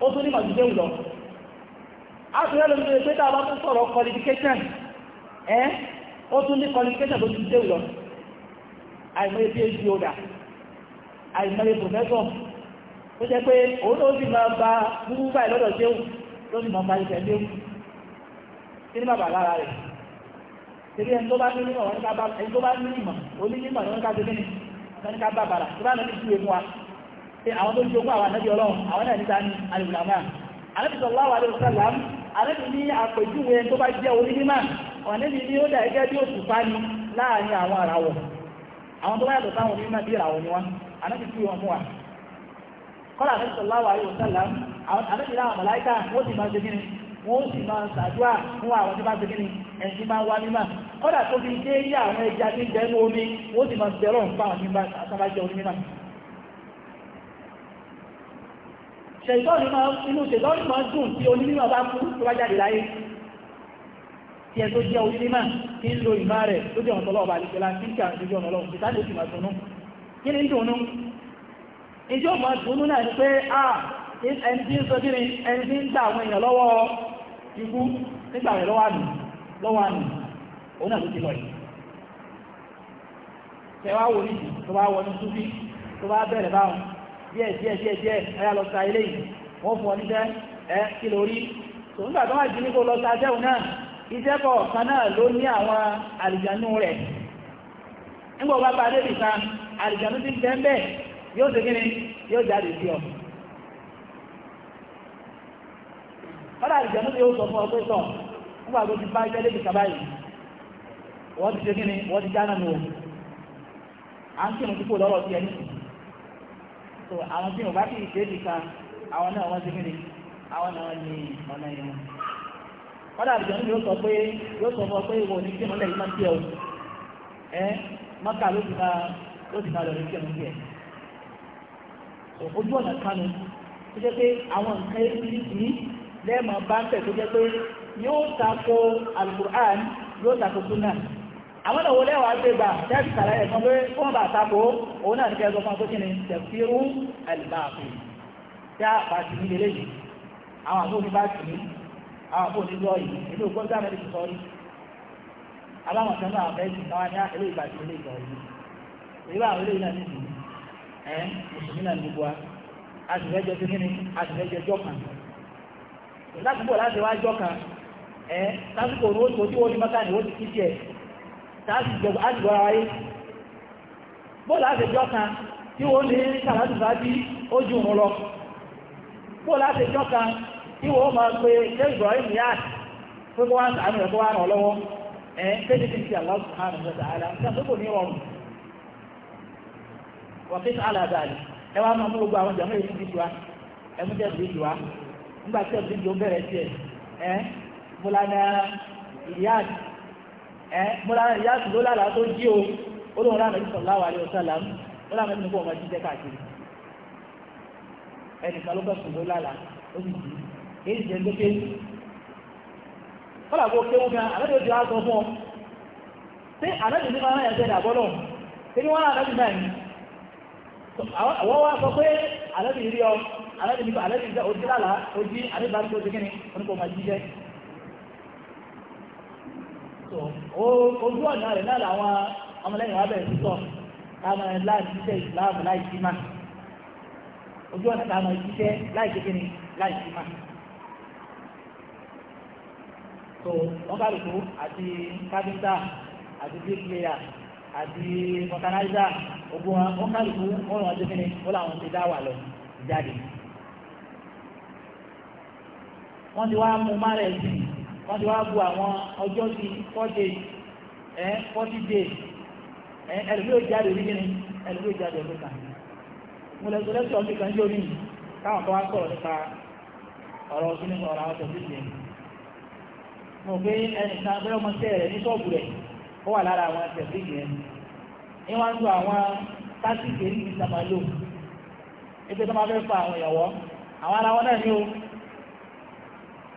ó tún nípa ti léwu lọ a tún pé tún qualification ẹ́ ó tún ní qualification tó ti kí ní bàbá lára rẹ̀ torí ẹni tó bá ní ìmọ̀ wọn ká bá ẹni tó bá ní ìmọ̀ oníyìnmọ̀ ni wọ́n ká ṣe kíni wọ́n ká bá bàrà tó bá nàbí sí ewu wa pé àwọn tó ń jogún àwọn ànábì ọlọ́run àwọn náà níta ní alìbùlàmà ànábì sọ̀rọ̀ wà lórí sàlám ànábì ní àpèjúwe tó bá jẹ́ ni láàárín àwọn àràwọ̀ àwọn tó bá yàtọ̀ sáwọn onímọ̀ bí ìràwọ̀ ni wọn ànábì sí wọn fún wa kọ́lá ànábì sọ̀rọ̀ wà lórí sàlám ànábì láwọn màláìkà wọ́n ti máa ṣe kíni wọ́n sì máa ṣàdúrà fún àwọn tí bá ti kíni ẹ̀sìn máa wá mímọ̀ kọ́dà tó fi dé yí àwọn ẹja tí ń omi wọ́n sì máa bẹ̀rọ̀ fún àwọn tí bá bá jẹ́ onímọ̀ tí ń tí ń kà lójú náà ni pé a ah, ẹni tí ń sọ kí ni ẹni tí ń gbà àwọn èèyàn lọ́wọ́ ikú nígbà rẹ̀ lọ́wọ́ àmì lọ́wọ́ àmì òun náà ló ti lọ yìí tẹwàá wò ní tó bá wọnú súnfí tó bá bẹ̀rẹ̀ báwọn díẹ̀ díẹ̀ díẹ̀ díẹ̀ ẹyà lọ sa ilé yìí wọ́n fún ọ níṣẹ́ ẹ kí lórí tó nígbà tó wà jí ní kó lọ sa jẹun náà iṣẹ́ kọ̀ọ̀kan náà ló ní àwọn àlìjánú rẹ̀ nígbà bá bá débi kan àlìjánú ti ń bẹ́ẹ̀ yóò ṣe kí ni yóò jáde sí ọ kọ́lá ìjẹ̀mú ni ó sọ fún ọgbẹ́ sọ nígbà tó ti bá jẹ́ lébi kaba yìí wọ́n ti ṣe kíni wọ́n ti jáná so àwọn tí wọ́n bá kì í ṣe é nìkan àwọn náà wọ́n ti ọ̀nà ni ó sọ pé yóò sọ fún ọgbẹ́ ìwọ ní kírun lẹ́yìn máa ń tiẹ̀ o ẹ mọ́kà ló ti máa ló ti máa lọ ní kírun tiẹ̀ ojú ọ̀nà kanu tó jẹ́ pé àwọn nǹkan lẹ́ẹ̀mọ̀ bá ń tẹ̀ tó jẹ́ pé yóò tako alukur'an yóò tako súnà àwọn òwò lẹ́wàá gbé gbà tẹ́ẹ̀sì sàlẹ̀ ẹ̀kan pé fún bá tako òun náà ní kẹ́ ẹgbọ́n tó kíni tẹ̀fírú àlìbáàfù tí a bá ti ní lélẹ́ yìí àwọn àbúrò ní bá ti ní àwọn àbúrò ní lọ́ọ̀ yìí èmi ò gbọ́n dáná ti sọ rí aláwọn kan náà bẹ́ẹ̀ sì náà ní àkẹ́lẹ́ ìgbà tí ilé ìgbà yìí èyí bá àwọn eléyìí náà nìyí ẹ̀ mùsùlùmí náà ìdákùnbò láti wá jọ kan ẹ́ lásìkò ní oṣù tí wọ́n ní mọ́ta ni ó ti kíkẹ́ láti jọ àjùwọ́ ara bó láti jọ kan tí wọ́n ní sàlátù bá bí ó lọ bó láti jọ kan tí wọ́n máa pe yáà pé kó wá ń sàánú rẹ̀ kó wá ràn lọ́wọ́ kéde ti ní wọ́n fi sàálà ẹ wá máa mú gbogbo àwọn jàmọ́ èyí ti nígbà tí ọ̀dún ìjọ bẹ̀rẹ̀ tiẹ̀ ẹ́ mọ́lánà ìyáàd ẹ́ mọ́lánà ìyáàd ló lálàá tó jí o ó lóun ránà ìsọ̀ láwà àríwọ̀ sálàm ó lánà nínú ọmọ jíjẹ́ káàkiri ẹnìkan ló bẹ̀sùn ló lálàá ó sì jí èyí ti jẹ́ ń dókè kọ́là kó kéwú gan àlejò ti wá sọ fún ọ ṣé àlejò ti máa ń yàn sẹ́dà bọ́lọ̀ ṣé ni wọ́n á àlejò náà ni àwọn wá sọ pé àlejò rí ọ alẹ́bí nípa alẹ́bí nípa ojú lálá ojú alẹ́bí tó ti kíni oníkó máa jíjẹ́ ojú ọ̀nà rẹ̀ náà làwọn ọmọlẹ́yìn wa bẹ̀rẹ̀ sísọ káàmà láì jíjẹ́ ìsìláàmù láì sí máa ojú ọ̀nà káàmà jíjẹ́ láì sí kíni láì sí máa so wọ́n bá lùkú àti kábíńtà àti bíkìlẹ̀yà àti fọ̀tànáìzà ogun wọn bá lùkú wọ́n lọ́wọ́ tó kíni wọ́n làwọn ti dá wà lọ jáde wọ́n ti wá mú márẹ̀ sí wọ́n ti wá bu àwọn ọjọ́ sí fọ́dé ẹ́ fọ́dí dé ẹ́ ẹ̀lùmí ò jáde orí gíní ẹ̀lùmí ò jáde ọdún kan mo lè sọ lẹ́sọ̀ ní kanjú orí káwọn kan wá sọ̀rọ̀ nípa ọ̀rọ̀ kíní ọ̀rọ̀ àwọn tẹ̀sí ìlẹ̀ mo gbé ẹnìkan bẹ́ẹ̀ ọmọ tẹ́ rẹ̀ ní sọ́ọ̀bù rẹ̀ ó wà lára àwọn tẹ̀sí ìlẹ̀ ní wọ́n ń lo àwọn tásìkì èyí ìsàmàlò ẹgbẹ́ tó máa fẹ́ fa àwọn ìyàwó àwọn ara wọn náà ní o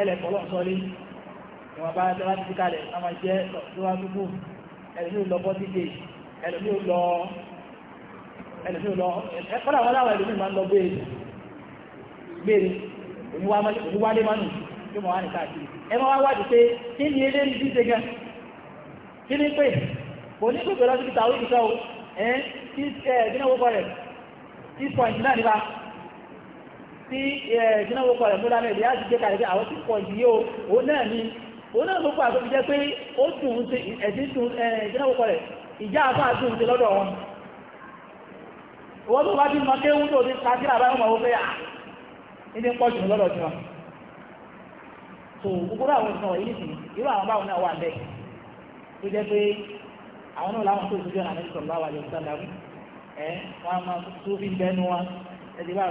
ẹlẹ́kọ̀ọ́lọ́ sọ́lé ìwọ̀n bá tẹ́lá ti kalẹ̀ a máa jẹ́ lọ́wọ́ dúkù ẹlẹ́mí ò lọ bọ́dí dé ẹlẹ́mí ò lọ ẹlẹ́mí ò lọ ẹ̀kọ́lá wọn láwọn ẹlẹ́mí máa ń lọ gbére gbére oníwálé mánù tí mo wá ní káàkiri ẹ e máa wádìí pé kí ni eré ní dídé gan kí ni pé kò ní pé pẹ̀lú ọdún kìtà orí kìtà o ẹ̀ kí ẹ̀ dínáwó kọ rẹ̀ six point nine nípa tí ìjìnàwó pàdé múlá náà ìdí àti gbékalẹ̀ àwọn tí pọ̀ jù ó náà ni ó náà ló pàdé fi pé ó dùn sí ẹ̀sìn dùn ìjìnàwó pàdé ìjà dùn sí lọ́dọ̀ wọn wọ́n tó bá bí mọ tó ti ka síra báyọ̀ mọ̀ wọ́n fẹ́ pọ̀ jù lọ́dọ̀ tí wọn tó gbogbo àwọn ìsìn ẹ̀dìbà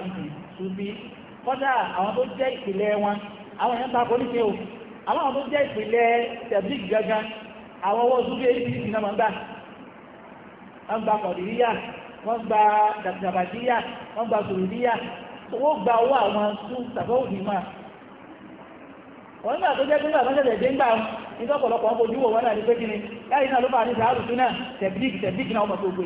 ṣùfí kọ́dà àwọn tó jẹ́ ìpìlẹ̀ wọn àwọn èèyàn tako ní ṣe o àwọn tó jẹ́ ìpìlẹ̀ gangan àwọn ọwọ́ náà gba kọ̀dìríyà wọ́n gba dàbàdíyà wọ́n gba owó gba owó àwọn sún wọ́n nígbà tó jẹ́ pé nígbà tó ṣẹ̀ṣẹ̀ ń ní wọn fojú wọn náà ní pé kí ni láyé náà ló fà ní sàárù tún náà náà ọmọ tó gbé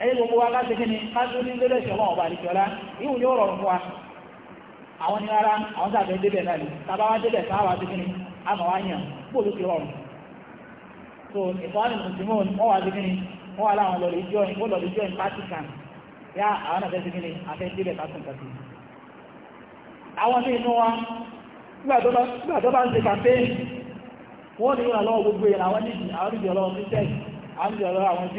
ẹni gbogbo wa láti kíni kájú ní lélẹ̀ ìṣọ̀wọ́ ọba àdìsọ́lá ìhùn yóò rọrùn fún wa àwọn ní rárá àwọn tàbí débẹ̀ náà ni tàbá wá débẹ̀ sáwà sí kíni wá yàn so ìfọwọ́nì mùsùlùmí wọ́n wá sí kíni wọ́n wá láwọn lọ́lọ́ ìjọ ìwọ́n lọ́lọ́ ìjọ ìpátì yá àwọn náà fẹ́ kíni àfẹ́ débẹ̀ kásùn kàtì àwọn inú wa nígbà tó bá ń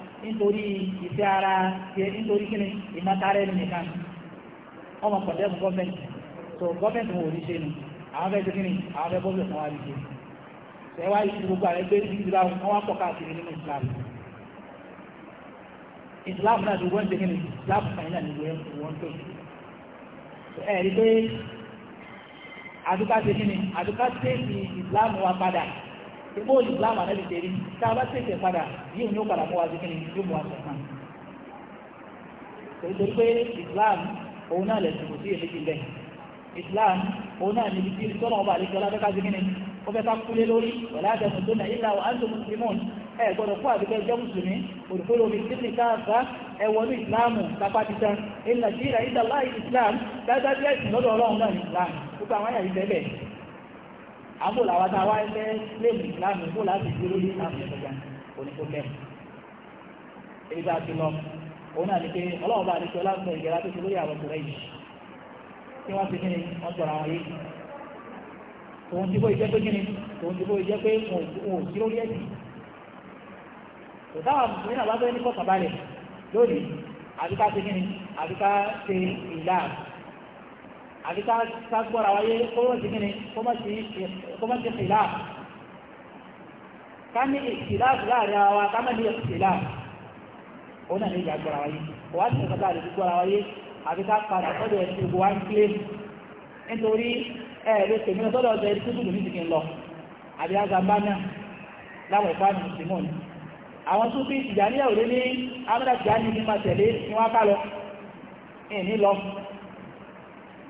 nítorí ìfẹ́ ara jẹ nítorí kíni ìmọ̀tara ẹni nìkan ọmọ pọ̀tẹ́mù gọ́ọ̀mẹ̀ntì so gọ́ọ̀mẹ̀ntì wọn ò ní ṣe nù àwọn fẹ́ ṣe kíni àwọn fẹ́ bọ́ọ̀lù kan wá ní ṣe ṣẹ́wá yìí gbogbo àwọn ẹgbẹ́ ìdílé àwọn wọn wá pọ̀ káàkiri nínú ìsìlámù ìsìláàmù náà ti wọ́n ti gíní ìsìláàmù kàíyà ní ìwé wọ́n tó ẹ̀rí pé àdúkà ti ìgbó islam ànábì tẹ̀lé tá a bá tẹ̀sẹ̀ padà yìí ni ó padà mú wa sí kíni yóò mú wa sọ̀ kan. torí torí pé islam òun náà lẹ̀sìn kò sí èmi ti bẹ̀ islam òun náà níbi tí sọ́nà ọba àlejò alábẹ́ká sí kíni ó fẹ́ ká kúlé lórí wọ̀lá àtẹ̀kùn tó nà ilà wa antum muslimun gbọ́dọ̀ fún àbíkẹ́ ẹjọ́ mùsùlùmí olùkóró omi títí káàkà ẹwọ́nú ìsìláàmù kápá ti tán ilà sí ìdàláì ìsìláàmù dáadáa bí ẹ̀sìn lọ́dọ̀ ọlọ́run náà ní ìsìláàmù gbogbo àwọn àyà ìfẹ́ bẹ́ẹ̀ àbò làwọn tá a wá ẹgbẹ́ léèmù ìsìlámù bó láti fi lórí ìsìlámù ìsọjà oníkókẹ́ ebi tá a ti lọ òun náà ni pé ọlọ́run bá àdéṣe ọlá sọ ìgbéra tó ti lórí àwọn ọkùnrin yìí tí wọ́n ti kí ni wọ́n tọrọ àwọn yìí tòun ti bó ìjẹ́ pé kí ni tòun ti bó ìjẹ́ pé wọn ò sí lórí ẹ̀sìn kò táwọn mùsùlùmí náà bá fẹ́ ní kọ̀ọ̀kan balẹ̀ lónìí àbíká ti kí ni àbíká ti ìlà àti ká gbọ́ra wáyé kọ́mọ̀ sí kíni kọ́mọ̀ sí ìlà ká ní ìlà láàrin ara wa ká mọ̀ ní ìlà ó náà ní ìjà gbọ́ra wáyé kò wá sí ìkọ́ta àti gbọ́ra wáyé àti ká padà sọ́dọ̀ ẹ̀ tí wọ́n ń kílé nítorí ẹ̀ẹ́dẹ́ tèmi sọ́dọ̀ ọ̀sẹ̀ tí kúrò ní ìsìnkì lọ àbí azambana láwọn ìfà ní simon àwọn tó fi ìjà níyàwó lé ní amúdàjà ní ní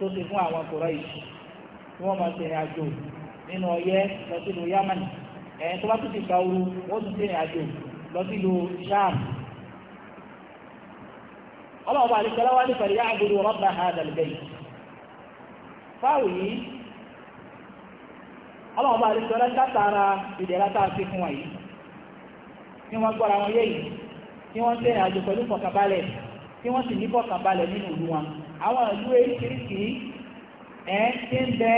tó ṣe fún àwọn kòrọ yìí tí wọ́n máa ṣe ìrìn àjò nínú ọyẹ́ lọ si yamani ẹ̀yìn tó bá tún ti gba ooru wọ́n tún ṣe ìrìn àjò lọ sílùú sham ọlọ́ọ̀bá àlekẹ́lá wá ní pẹ̀lú yá àgbèrè rabba hadha al-bayt fáwù yìí ọlọ́ọ̀bá àlekẹ́lá sátara ìdẹ̀ra tá a ṣe fún wa yìí tí wọ́n gbọ́ra wọn yé yìí tí wọ́n ṣe àjò pẹ̀lú fọkànbalẹ̀ tí wọ́n sì ní fọkànbalẹ̀ nínú ìlú wọn àwọn ìlú eríṣiríṣi ẹ̀ tí ń bẹ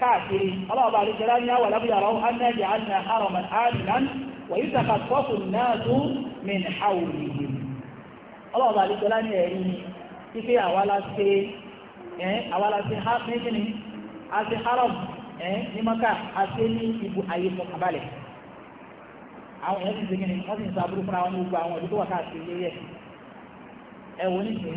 káàkiri ọlọ́ọ̀bá àríṣẹ́lá ní àwọ̀ lábúyàrá anẹ́jì a haram maka àwọn èèyàn ti ṣe kí wọ́n sì ń sa àwọn tó wà káàkiri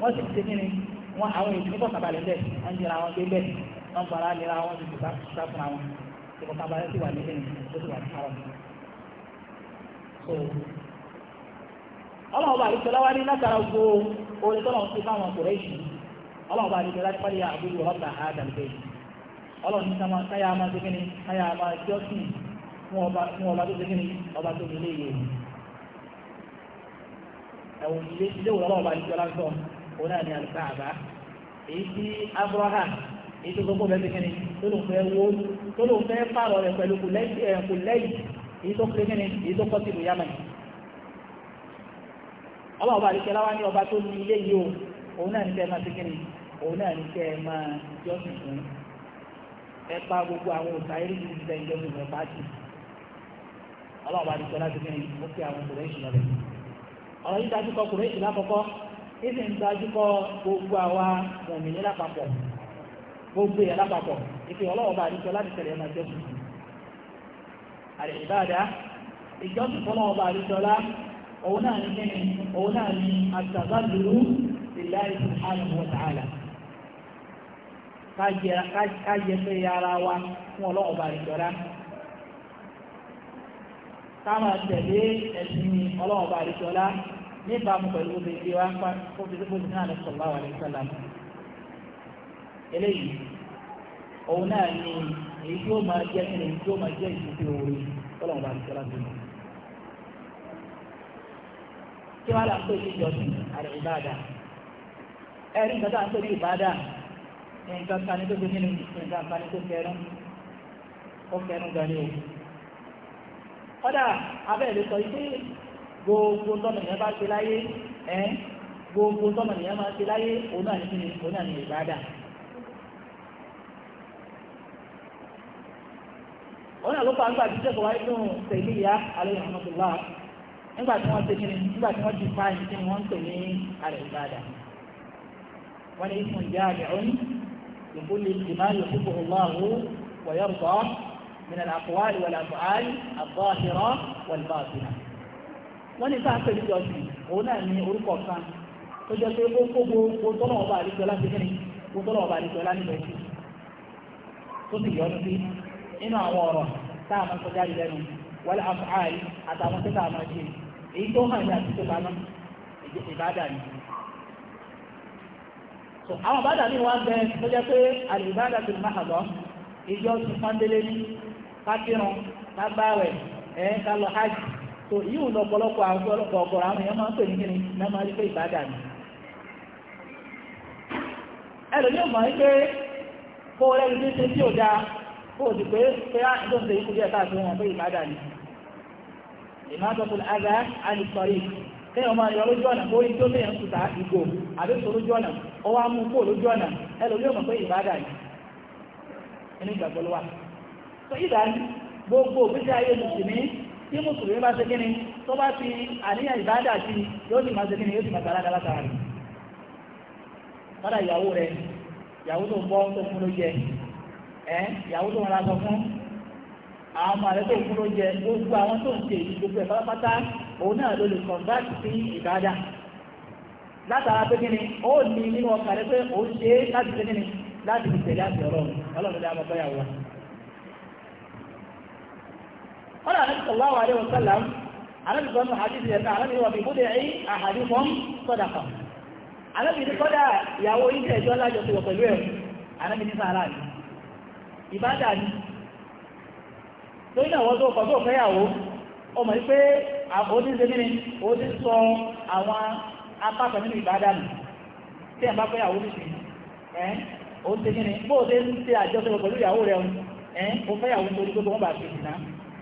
wọ́n sì ṣe kíni wọ́n àwọn èèyàn ní kọ̀kàbalẹ̀ bẹ́ẹ̀ wọ́n ń jẹra wọn gbé bẹ́ẹ̀ wọ́n ń fara lera wọn ti tùtà tùtà fún àwọn ìkọ̀kàbalẹ̀ sì wà ní kíni ó sì wà ní àwọn. ọlọ́run bá àdìsọ́lá wá ní látara gbogbo orin tọ́lọ̀ ń ṣe fáwọn kòrẹ́ṣì ọlọ́run bá àdìsọ́lá ti pàdé àbúrò ọ̀bà àdàlùbẹ́ ọlọ́run ní káyà máa ṣe kíni káyà máa jọ́sìn fún ọba tó ṣe kíni ọba tó ṣe léyè ẹ̀wọ̀n ilé ìlé òwúrọ̀ ọlọ́run bá àdìsọ́lá ń sọ òun náà ní abraham èyí tó tó ló ń fẹ́ wó tó ló ń ọba ọba ní ọba tó ní ilé yìí o òun náà ní máa òun náà ní máa fún ẹ pa gbogbo àwọn òòtà eréjì ti sẹ́yìn pàtì ọlọ́ọ̀bá láti àwọn kùrẹ́ṣì lọ rẹ̀ ọ̀rọ̀ ìsì ń gbajúkọ gbogbo àwa mọ̀mìnì lápapọ̀ gbogbo ẹ̀ lápapọ̀ ìfi ọlọ́wọ́ bá láti tẹ̀lé ẹ̀ máa tuntun àrẹ ìbáàdá ìjọsìn fọlọ́wọ́ bá àdíjọ òun náà ní kíni òun náà ní wa ta'ala kájẹ pé ara wa fún ká máa tẹ̀lé ẹ̀sìn níbàámu pẹ̀lú bó ti di wá pa bó ti di bó ti náà lọ sallallahu alaihi wasallam. eléyìí òun náà ni èyí tí ó máa jẹ́ kí ni èyí tí ó máa jẹ́ ìṣúté orí tọ́lọ̀ bá ti sọ́lá bí mi. kí wàá là ń pè ní ìjọsìn àrẹ ìbáàdà ẹ̀rí nǹkan tá à ń pè ní ìbáàdà nǹkan kan ní tó fi nínú nǹkan kan ní tó fẹ́ràn ó fẹ́ràn gan ni o. kọ́dà abẹ́ẹ̀lẹ́ sọ pé gbogbo tọ́mọ nìyẹn bá ṣe láyé ẹ́ gbogbo tọ́mọ nìyẹn máa ṣe láyé òun náà ní kíni òun náà ní ìbádà. òun náà ló pa nígbà tí sẹ́kọ̀ọ́ wáyé fún tẹ̀lé ìyá alẹ́ ìrànlọ́tòlá nígbà tí wọ́n ṣe kíni nígbà tí wọ́n ti fa ẹni tí wọ́n ń pè ní alẹ́ ìbádà. wọ́n ní ìfún ìyá àgbẹ̀ òun ìbúlẹ̀ ìmáàlú ìfúnpọ̀ الله ويرضى من الأقوال والأفعال الظاهرة والباطنة wọ́n ní sáà pẹ̀lú ìjọsìn òun náà ní orúkọ kan tó jẹ́ pé ó kó gbogbo ọba àdìsọ láti kí ọba àdìsọ láti bẹ̀rẹ̀ tó sì yọnu sí nínú àwọn ọ̀rọ̀ tá a máa sọ jáde lẹ́nu wọlé àfààní àtàwọn tó ha máa ṣe èyí tó hàn ní bá ìbádà ni. àwọn bẹ tó jẹ́ pé àlùbádà máa lọ ìjọ tó yí ò lọ́pọ̀lọpọ̀ àwọn ọlọ́pọ̀ ọ̀gọ̀rọ̀ àwọn èèyàn máa ń pè ní kíni náà máa rí pé ìbádà ni ẹlòmí ò mọ̀ ní kó tí ṣe tí dáa kó o sì pé pé á ń ṣe ikú díẹ̀ káàkiri wọn pé ìbádà ni alìsọ̀rí lójú ọ̀nà kó kùtà ìgò lójú ọ̀nà ó wá mú kó lójú ọ̀nà pé ìbádà ni tí mùsùlùmí bá ṣe kí ni tó bá fi àníyàn ìbádà sí yóò sì máa ṣe kí ni yóò sì máa gbàlágà látara rẹ̀ kọ́dà ìyàwó rẹ̀ ìyàwó tó ń bọ́ tó fún ló jẹ ẹ́ ìyàwó tó ń ra sọ fún àwọn ọmọ rẹ̀ tó fún ló jẹ gbogbo àwọn tó ń ṣe èyí gbogbo ẹ̀ pátápátá òun náà ló lè convert sí ìbádà látara pé kí ni ó ní nínú ọkàn rẹ̀ pé òun ṣe é láti ṣe kí ni láti fi tẹ̀lé àti ọlọ́run ọlọ́run قال النبي صلى الله عليه وسلم على صلى الله أن وسلم النبي هو ببدع أحدكم صدقة النبي ní kódà ìyàwó yín tẹ̀jọ́ alájọsọ pẹ̀lú ẹ̀ النبي ní sàárà ni ìbádà ni lórí náà wọ́n tó kọ́ tó fẹ́yàwó ọmọ yìí pé ó ti ń ṣe mí ó ti ń sọ àwọn apákan nínú ìbádà nù tí ẹ̀ bá fẹ́yàwó ní sí ẹ̀ ó ti ń ń ṣe àjọsọ pẹ̀lú ìyàwó rẹ̀ ẹ̀ ó fẹ́yàwó nítorí pé wọ́n bá ṣe ìsìn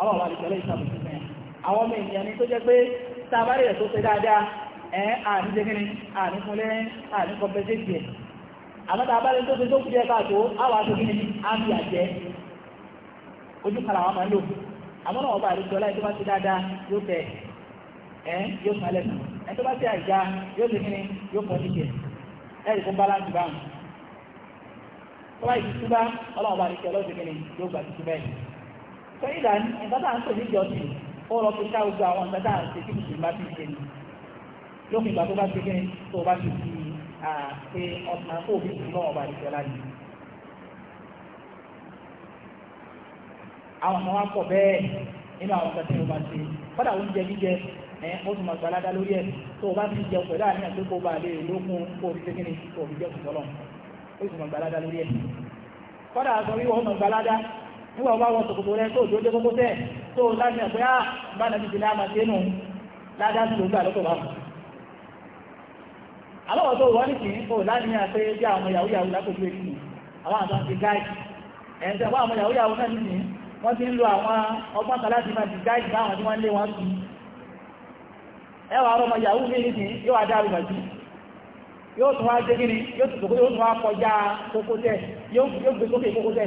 ọlọ́ọ̀bá àdìsẹ́lẹ̀ ìṣàbùsí fún ẹ̀ àwọn ọmọ ènìyàn ni tó jẹ́ pé tàbárì rẹ̀ tó ṣe dáadáa ẹ̀ àníjẹ́gẹ́ni àníkúnlẹ̀ àníkọ̀bẹ́sẹ̀sì ẹ̀ àmọ́ tàbárì tó ṣe tó kúrẹ́ káàtó àwọn aṣògínì àmì àjẹ́ ojú kan làwọn máa ń lò àmọ́ náà ọba àdìsọ́lá ẹ̀ tó bá ṣe dáadáa yóò tẹ̀ ẹ̀ yóò sálẹ̀ ẹ̀ tó bá ṣe àìjá yóò ṣe kíni yóò pọ̀ níkẹ̀ ẹ̀ rí fún báláǹsì báwọn tó sẹ́yìnlá ní nǹkan tá à ń pè ní ìjọsìn ó lọ fi ká gbogbo àwọn nǹkan tá à ń ṣe kí mùsùlùmí bá ti ṣe ni lópin ìgbà tó bá ṣe kíni tó bá ti fi àṣe ọ̀sán kó òbí sí náà ọba ìṣẹ́lá ni. àwọn kan wá pọ̀ bẹ́ẹ̀ nínú àwọn nǹkan tí mo máa ṣe kọ́dà oúnjẹ jíjẹ ẹ̀ ó tún máa gba aládá lórí ẹ̀ tó o bá ti jẹ pẹ̀lú àníyàn kó o bá nígbà wọn bá wọn sòkòtò tó òjòjò kókó tẹ tó láti ẹgbẹ́ à bá nàbí ti láàmà sí inú ládá sí gbogbo àlọ́tọ̀ bá wọn. àlọ́wọ́ tó wọ́n nìkì ó láti ní àṣẹ bí àwọn yahoo yahoo lákòókò èkì àwọn àtọ́ ti gáì ẹ̀ǹtẹ̀ wọ́n àwọn yahoo yahoo náà nìkì wọ́n ti ń lo àwọn ọgbọ́n kan láti máa ti gáì báwọn tí wọ́n lé wọn sí. ẹ ọmọ yahoo mi nìkì yóò wá dáàbò bàjú yóò tún wá dé kíni yóò tún wá kọjá kókó tẹ yóò gbé sókè kókó tẹ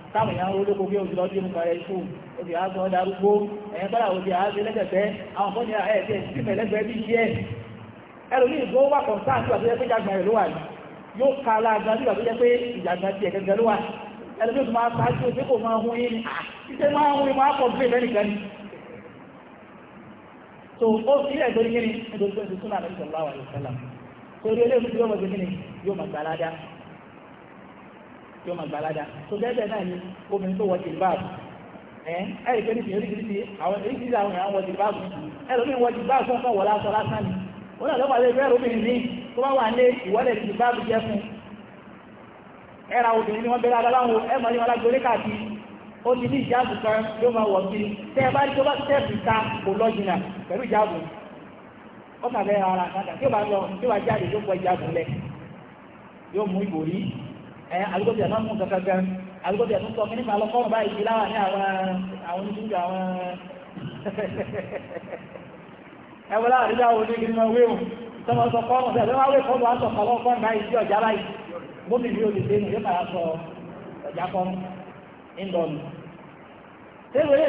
táwọn èèyàn ó lóko bí oṣù lọ́jọ́ nípa ẹ̀ ikú oṣù àá sọ darúgbó ẹ̀yẹn tọ́lá oṣù àá ṣe lẹ́gbẹ̀ẹ́ àwọn kan ní ẹ̀ ṣe ìsìnkú lẹ́gbẹ̀ẹ́ bí iṣẹ́ ẹlòmíì tó wà kọ̀ǹtàn nígbà tó yẹ pé jàgbọ̀n rẹ̀ ló wà yóò ka aláàgbà nígbà tó yẹ pé ìjàgbọ̀n tiẹ̀ gẹ́gẹ́ ló wà ẹlòmíì tó máa ṣáájú oṣù kò máa hun máa hun yín ni so ó ni nítorí pé ìṣúná àlẹ́ ìṣọ̀lá yóò máa gbalada tó gẹ́gẹ́ náà ni obìnrin tó wọ jìlbáàbù ẹ̀ ẹ̀rì pé nítorí oríṣiríṣi àwọn oríṣiríṣi àwọn èèyàn wọ jìlbáàbù ẹlòmíì wọ jìlbáàbù fún ọkàn wọ lásán lásán ni ó náà lọ́pàá lè fẹ́ obìnrin ní tó bá wà ní ìwọ́lẹ̀ jìlbáàbù jẹ́ fún ẹ̀ra obìnrin ni wọ́n bẹ̀rẹ̀ aláwọ̀ ẹ̀ mọ̀ ní wọn lágbóré káàkiri ó ti ní ìjáàbù kan yóò máa wọ̀ kiri tẹ́ ẹ bá rí tó bá tẹ́ẹ̀bù ta kò lọ jìnnà pẹ̀lú ìjáàbù ó kà bẹ́ẹ̀ ara kàkà tí ó bá lọ tí ó bá jáde yóò pọ̀ ìjáàbù lẹ̀ yóò mú ìbòrí àdúgbòtì àná mú kankan gan àdúgbòtì àtúntò ọkàn nípa lọ́kọ́rùn báyìí ti láwà ní àwọn wo ní ìgbìmọ̀ wéwù tọmọ sọ kọ́rùn tẹ̀lé wá wé kọ́rùn wá sọ kọ́rùn kọ́rùn báyìí ọjà báyìí gómìnà yóò lè dénú yóò máa sọ ọjà kọ́rùn ńlọrùn tẹ́lẹ̀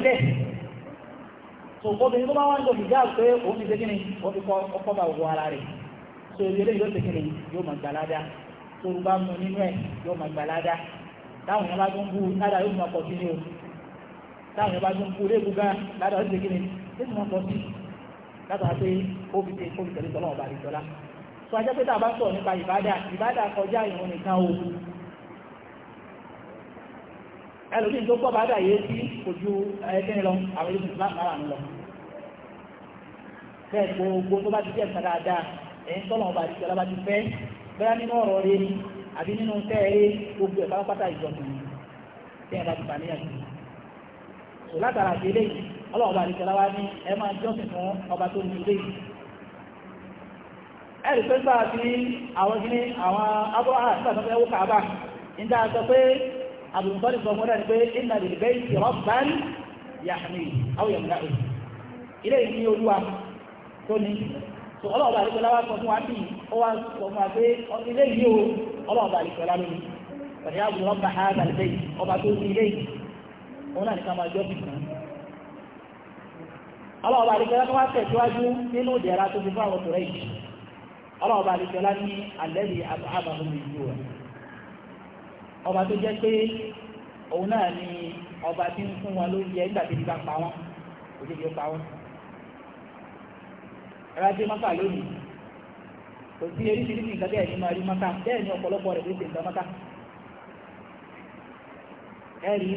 lè rí so obìnrin tó bá wọ́n ń lo hijab pé òun ti ṣe kí ni ó fi kọ́ ọkọ́ bá wọ ara rẹ̀ so ebi eléyìí yóò ṣe kí ni yóò máa gbàládá tó bá mu nínú ẹ̀ yóò máa gbàládá táwọn èèyàn bá tún bú ládàá yóò máa pọ̀ sí ni o táwọn èèyàn bá tún bú léegun gan ládàá yóò ṣe kí ni yóò máa pọ̀ sí látara pé ó fi ṣe ó fi tẹ̀lé tọ́lọ́ ọ̀bà àdìsọ́lá so ajẹ́ pé tá a bá sọ̀rọ̀ nípa ìbádà ìbádà kọjá ìrún nìkan o ẹlòmí tó pọ̀ bàdà yé sí ojú ẹgbẹ́ lọ àwọn ìlú islam lára ń lọ bẹ́ẹ̀ gbogbo tó bá ti jẹ́ ẹ̀ka dáadáa ẹ̀yìn tọ́lọ̀ ọba àti ìjọba ti fẹ́ bẹ́ẹ̀ nínú ọ̀rọ̀ rẹ àbí nínú tẹ́ẹ̀rẹ́ gbogbo ẹ̀ka pátá ìjọsìn tẹ́ẹ̀ bá ti bà níyà sí so látara àti eléyìí ọlọ́run ọba àti ìjọba wa ní ẹ máa jọ́sìn fún ọba tó ní eléyìí ẹ̀rì pé gbà sí àwọn gíní àwọn abúlé àti àtọ́fẹ́ wó kàábà ń dáa sọ pé àbùtọ́lì sọ mọ́nà pé iná lè bẹ́ ìtì rọ́bàn yàmì àwọn ìmúná òjì ilé ìní olúwa tó ní tó ọlọ́ọ̀bà àríkọlá wá sọ fún wa bíi ó wá sọ fún wa pé ilé ìní o ọlọ́ọ̀bà àríkọlá lónìí pẹ̀lú àbùn rọ́bà hàdà lè bẹ́ẹ̀ ọba tó ní ilé yìí òun náà nìkan máa jọ́ bìkan ọlọ́ọ̀bà àríkọlá tó wá tẹ̀síwájú nínú ìdẹ̀ra tó fi fún àwọn tòrẹ́ yìí ọlọ́ọ̀bà àríkọlá ní alẹ́ ọba tó jẹ́ pé òun náà ni ọba tí ń fún wọn lóúnjẹ nígbà tí bá pa wọn òjòjò pa wọn rájé mọ́kà lónìí kò sí eríṣiríṣi nǹkan bẹ́ẹ̀ ni máa rí mọ́kà bẹ́ẹ̀ ni ọ̀pọ̀lọpọ̀ rẹ̀ ló ṣe nǹkan mọ́kà ẹ̀rí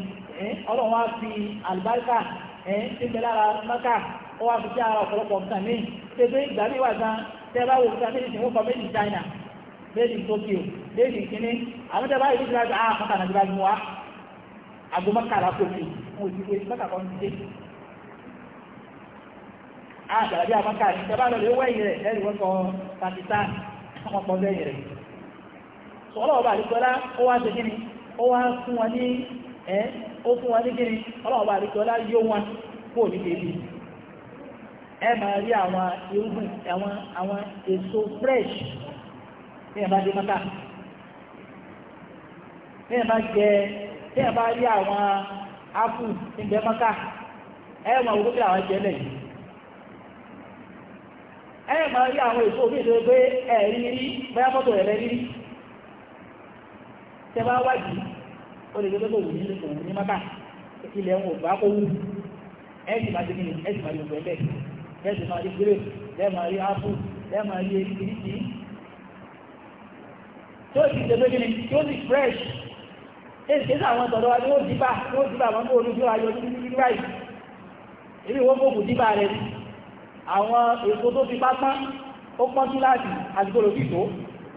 ọlọ́run wá fi àlùbáríkà ṣíṣe lára mọ́kà ó wá fi sí ara ọ̀pọ̀lọpọ̀ nǹkan míì ṣe pé ìgbà míì wà gan tẹ́ China déèdì tókì o déèdì kíní àwọn ìjọba ìlú ti láti àwọn àkọ́kà náà ti wá àgbo mọ́kàlá kò sí wọn ò ti wé mọ́kà kan ti dé àgbàlagbé Pakistan wọn ní ẹ́ ó fún wọn ní kíni ọlọ́ọ̀bà ẹ fresh ní ẹ̀bá dé mọ́ta ní ẹ̀bá jẹ ní ẹ̀bá rí àwọn ápù ìgbẹ́ mọ́ta owó tí àwọn jẹ́lẹ̀ rí àwọn èso omi ìṣẹ́ pé ẹ̀rí rí fọ́tò rẹ̀ rí bá ó lè gbé rí ápù rí tó sì ṣe lórí ni tó sì fresh èsì àwọn tọ̀dọ̀ wa ni ó dìbà ó dìbà wọn kó olójú ayọ̀ ní bíbí báyìí ibi wọn fòkù dìbà rẹ ni àwọn èso tó fi pápá ó pọ́n tú láti àdúgbò lòdì tó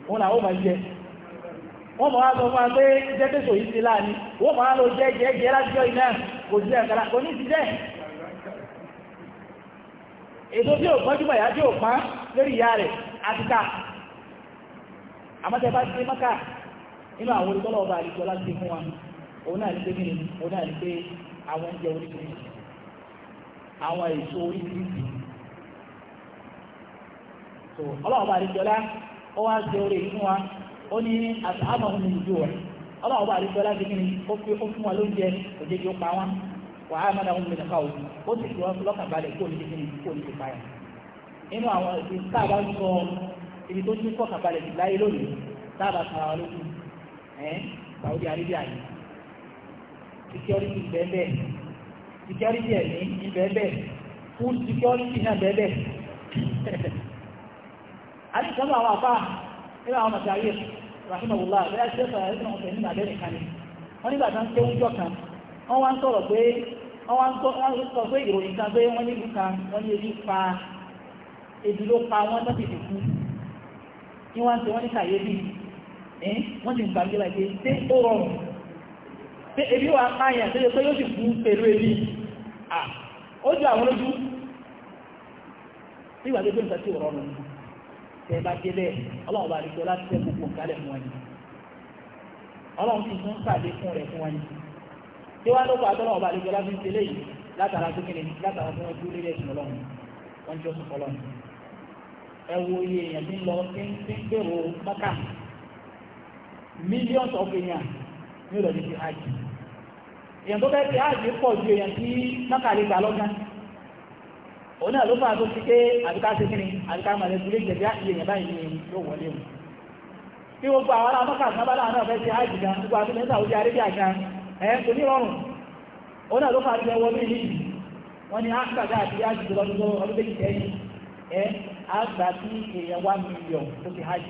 òun làwọn máa jẹ wọ́n mọ̀ wá sọ fún wa pé jẹ́ pé sòyí ti láàánú wọ́n mọ̀ wá lọ jẹ́ jẹ́ jẹ́ láti jọ iná kò sí ẹ̀kára kò ní ti jẹ́ èso tí ò pọ́n jùmọ̀ ìyá tí ò pọ́n lórí ìyá rẹ̀ àti ká àmọ́tẹ́ bá dé mọ́kà nínú àwọn olùtọ́lọ̀ ọba àlejò láti fún wa òun náà ní pé kí ni òun náà ní pé àwọn oúnjẹ oríṣiríṣi àwọn èso oríṣiríṣi so ọlọ́wọ́ ọba àlejò lá ó wá ṣe orí fún wa ó ní àtàwọn ọmọ mi jù rẹ̀ ọlọ́wọ́ ọba àlejò lá ti kí ni ó fi ó fún wa lóúnjẹ kò jẹ́ kí ó pa wọn wà á mọ́ra ohun mìíràn káwọ́ ó sì fi wọn lọ́kàn balẹ̀ kó ní kí ni kó ní ibi tó ní kọ̀kàbalẹ̀ láyé lónìí táàbà sanra wa lójú ẹ̀ Saudi Arabia yìí security bẹ́ẹ̀ security ẹ̀mí bẹ́ẹ̀ full security náà bẹ́ẹ̀ àti ìjọba àwọn àpá nínú àwọn màtàrí rahimahullah bẹ́ẹ̀ ṣe fẹ́ ẹ̀rọ ìpínlẹ̀ ọ̀sẹ̀ nínú àbẹ́ nìkan ni wọ́n nígbà tó ń ké wújọ kan wọ́n wá ń sọ̀rọ̀ pé wọ́n wá ń sọ pé ìròyìn kan pé wọ́n ní ìlú kan wọ́n ní ebi pa ebi ló pa wọ́n tó ti fi kú ní wọ́n ń tẹ wọ́n ní kàyébì wọ́n ti ń gbàgbé láti pé ó rọrùn pé ebi wà máyà tó yẹ pé yóò sì fún pẹ̀lú ebi ó jù àwọn lójú nígbà tó gbé nǹkan tí ò rọrùn tẹ bá dé bẹ́ẹ̀ ọlọ́run bá rí pé láti fẹ́ gbogbo nǹkan lẹ̀ fún wọn ni ọlọ́run ti tún pàdé fún rẹ̀ fún wọn ni tí wọ́n lọ́pọ̀ àtọ́lọ́run bá rí pé láti ń tẹ́lẹ̀ yìí látara tó kíni látara tó wọn ẹwọ iye èèyàn ti ń lọ tí ń gbèrò mọ́kà millions of èèyàn ní ìrọ̀lú ti hajj èèyàn tó fẹ́ ti hajj pọ̀ ju èèyàn tí mọ́kà lè gbà lọ́gán òun náà ló fà tó pé àbíká ṣe kí ni àbíká màlẹ́ èèyàn báyìí ni yóò wọlé o àwọn náà fẹ́ ti hajj gan gbogbo àti mẹ́ta ẹ̀ kò ní rọrùn òun náà ló wọ́n á gbà bí èèyàn wá mílíọ̀n tó hajj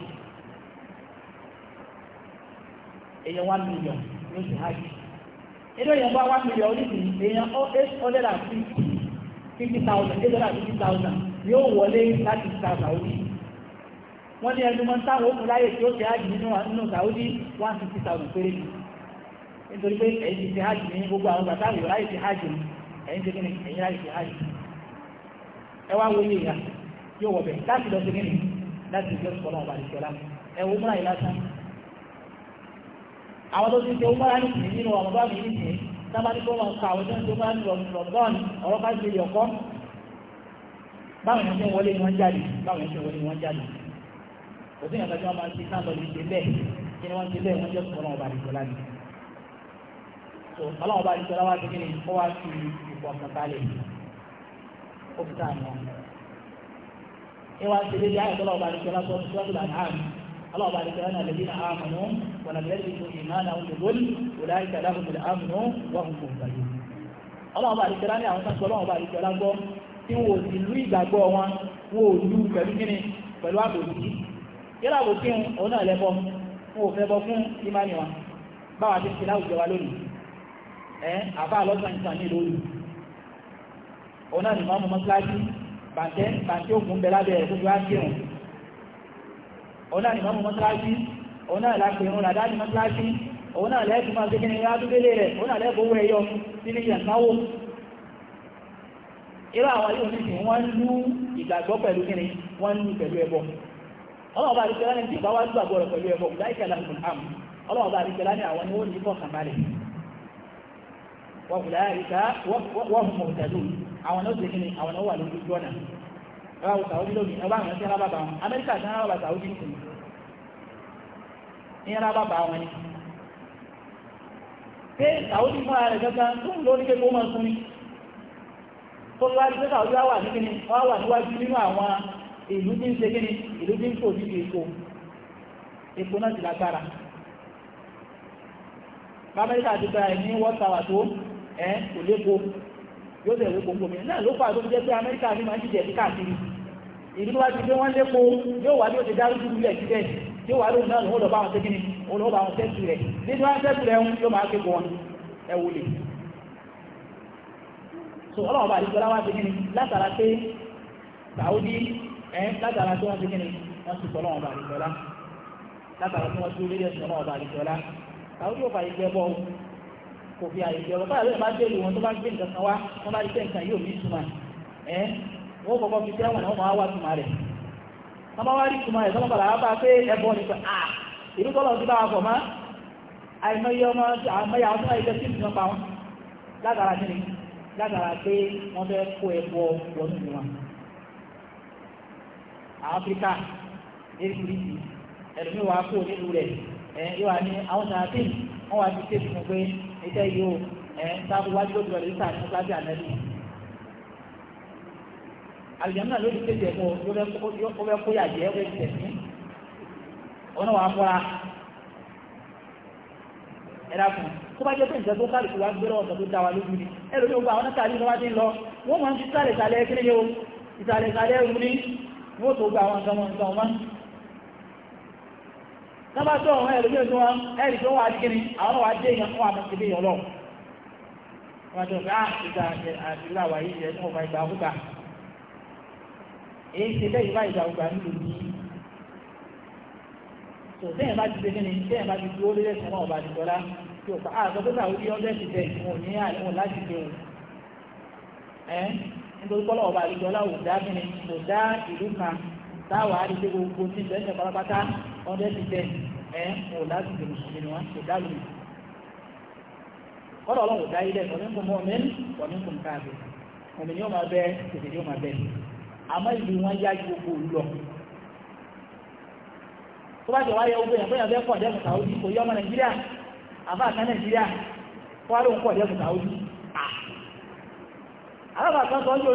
èèyàn wá mílíọ̀n ló hajj inú èèyàn wá wá mílíọ̀n oníṣìí èèyàn eight hundred and fifty fifty thousand eight hundred and fifty thousand yóò wọlé láti Saudi wọ́n ní ẹnu mọ́ta ó mú láyé tí ó ti hajj nínú nínú Saudi one fifty thousand péré ni nítorí pé ẹ̀yìn ti hajj ní gbogbo àwọn bàtà láyé ti hajj ẹ̀yìn ti kí ni ẹ̀yìn láyé ti hajj ẹ wá yóò wọ̀bẹ̀ láti lọ sí nínú láti ìjọ sọ̀rọ̀ ọba àdìsọ́lá ẹ̀wọ̀n múra yìí lásán. àwọn tó ti ṣe múra ní ìsìn nínú ọmọ bá mi ní ìsìn sábà ní kó wọn ka àwọn tó ń tó bá ń lọ lọ́gọ́ọ̀nù ọ̀rọ̀ bá ṣe yọ̀kọ́ báwọn ẹ̀ṣẹ̀ wọlé ni wọ́n jáde báwọn ẹ̀ṣẹ̀ wọlé ni wọ́n jáde kò sí ìyàtọ̀ tí wọ́n máa ń ṣe sáńtọ̀ ní ṣe bẹ́ẹ̀ kí ni wọ́n ṣe bẹ́ẹ̀ wọ́n jẹ́ sọ̀rọ̀ ọba àdìsọ́lá ni. ọlọ́run ọba àdìsọ́lá wá sí kí ni ó wá fi ìfọ̀kànbalẹ̀ ó fi sáà náà ìwà ń tẹ̀lé yáyà tó lọ́ọ̀bà àdìsẹ́ lásán tó lọ́ọ̀bà àdìsẹ́ اللهم بارك لنا الذين امنوا ولم يلبسوا ايمانهم بظلم اولئك لهم الامن وهم مهتدون اللهم بارك لنا àwọn tán sọ ọlọ́run bá ìjọ lágbọ́ tí wò sí lú ìgbàgbọ́ wọn wò lú pẹ̀lú kíni pẹ̀lú àbòsí yálà àbòsí òun náà lẹ́bọ wọn ò fẹ́ bọ fún ìmánì wọn báwa ti ń ṣe láwùjọ wa lónìí ẹ àbá mọ́sálásí bàtẹ́ bàtẹ́ òkun bẹ lábẹ́ ẹ̀ gbogbo ákírùn òun náà ni mọ́mú mọ́sálásí òun náà lápẹ̀ òun làdá ní mọ́sálásí òun náà lẹ́ẹ̀kùn máa gbégé ní adúgbélé rẹ̀ òun náà lẹ́ẹ̀kùn owó ẹyọ nínú ìyàtnáwó irú àwọn yóò ní sìn wọ́n lú ìgbàgbọ́ pẹ̀lú kíni wọ́n lú pẹ̀lú ẹbọ ọlọ́wọ́ kùlá àríkà wọ́n mọ̀ àwọn náà tẹ̀lé àwọn náà wà lójú jọ́nà ẹwà wọ sàwọ́dí lónìí ẹwà àwọn tí alábàbà wọn amẹ́ríkà tí alábàbà sàwọ́dí nìkan ní alábàbà wọn ni pé sàwọ́dí fún ara rẹ̀ gángan tó ń lò ní kékeré wọn sún ni tó lọ́wọ́ àti pé sàwọ́dí wà ní kíni wọ́n wà níwájú nínú àwọn ìlú tí ń ṣe kíni ìlú tí ń tò sí èkó èkó náà ti lágbára amẹ́ríkà ti gba ẹ̀ ní wọ́tàwà tó ẹ̀ kò léko yóò tẹ̀wé gbogbo mi náà ló fà tó jẹ́ pé amẹ́ríkà ní máa ń jíjẹ̀ sí káàkiri ìlú tó bá ti gbé wọ́n lépo yóò wá bí ó ti dárúkú ilẹ̀ síbẹ̀ yóò wá lóhùn náà lọ́wọ́ bá wọn tẹ́gí ni olówó bá wọn tẹ́sù rẹ̀ nínú wọn tẹ́sù rẹ̀ yóò máa ké wọn ẹ wò lè so ọlọ́wọ́ bá àdìgbọ́lá wá tẹ́gí ni látara pé sàódì ẹ̀ látara pé wọ́n tẹ́gí ni wọ́n ti sọ́lọ́wọ́ bá àdìgbọ́lá látara pé wọ́n ti lé kò fi àyè jọ̀rọ̀ fáyà lóyè bá dé ìlú wọn tó bá gbé nǹkan kan wá wọn bá rí pé nǹkan yóò ní ìtumọ̀ ẹ̀ wọ́n kọ́kọ́ fi tẹ́wọ̀n náà wọ́n wá tuma rẹ̀ wọ́n bá wá rí tuma rẹ̀ tọ́lọ́ padà wá bá pé ẹbọ ni pé à ìlú tọ́lọ́ ti bá wa pọ̀ mọ́ àìmọye ọmọ àìmọye àwọn tó máa yẹ kí nìkan pa wọn látara kí ni látara pé wọ́n fẹ́ kó ẹbọ wọnú ni wọn. Áfíríkà erékùrìsì ẹlòmíwàá kó nílùú rẹ̀ ẹ̀ yóò wá ní àwọn sàràtìn wọ́n wá ti tẹ̀sí iṣẹ́ yìí o ẹ̀ ń sáfù wájú lójú ọ̀rẹ́ ìta ní sáfì ànábì. àlùjá náà lórí kéde ẹ̀kọ́ ó fẹ́ kóyà jẹ́ ó fẹ́ tẹ̀ sí ọ̀nà wàá fọ́ra ẹ̀ dákun tó bá jẹ́ pé ìjọba tó kálukú wá gbé lọ́wọ́ tó dá wa lójú ni ẹ lórí ogun àwọn náà ló wá ti lọ wọ́n máa ń fi sálẹ̀ sálẹ̀ kí ni o ìsàlẹ̀ sálẹ̀ ni wọ́n tó gba àwọn nǹkan wọn nǹkan wọn sábà tó àwọn ẹ̀rọ yóò tó wọn ẹ̀rì ah, tó wà dìkìní àwọn wà dé ìyàn fún àmọ́ ìbí ìyọlọ wọn tó bá ìgbà àtìlá wà yìí ẹ̀sùn ọba ìgbà àkúgbà èyí ṣe bẹ́ẹ̀ ìgbà ìgbà àkúgbà nílò ní tò sẹ́yìn bá ti ṣe kíni sẹ́yìn bá ti dúró lórí ẹ̀sùn ọba àdìgbọ́lá tí ó pa àtọ́ tó sàwọn ibi ọjọ́ ti táwa á rí pé gbogbo tí ìbẹ̀ ń jẹ pátápátá ọ̀dẹ́ ti bẹ̀ ẹ̀ kò láti dèrò sí ni wọn kò dá lórí. kọ́dọ̀ ọlọ́run dá ilẹ̀ ọ̀nìkùn mọ́mìn ọ̀nìkùn káàbẹ̀ mọ̀mìn yóò máa bẹ tètè yóò máa bẹ àmọ́ ìlú wọn yá ju gbogbo òlu lọ. tó bá jọ wáyé ogun yẹn bóyá bẹ́ẹ̀ pọ̀ dẹ́kun sàwọ́dí kò yọ ọmọ nàìjíríà àbá àká nàìjíríà kó alóhùn pọ̀ dẹ́kun sàwọ́dí. alábàákan sọ́jọ́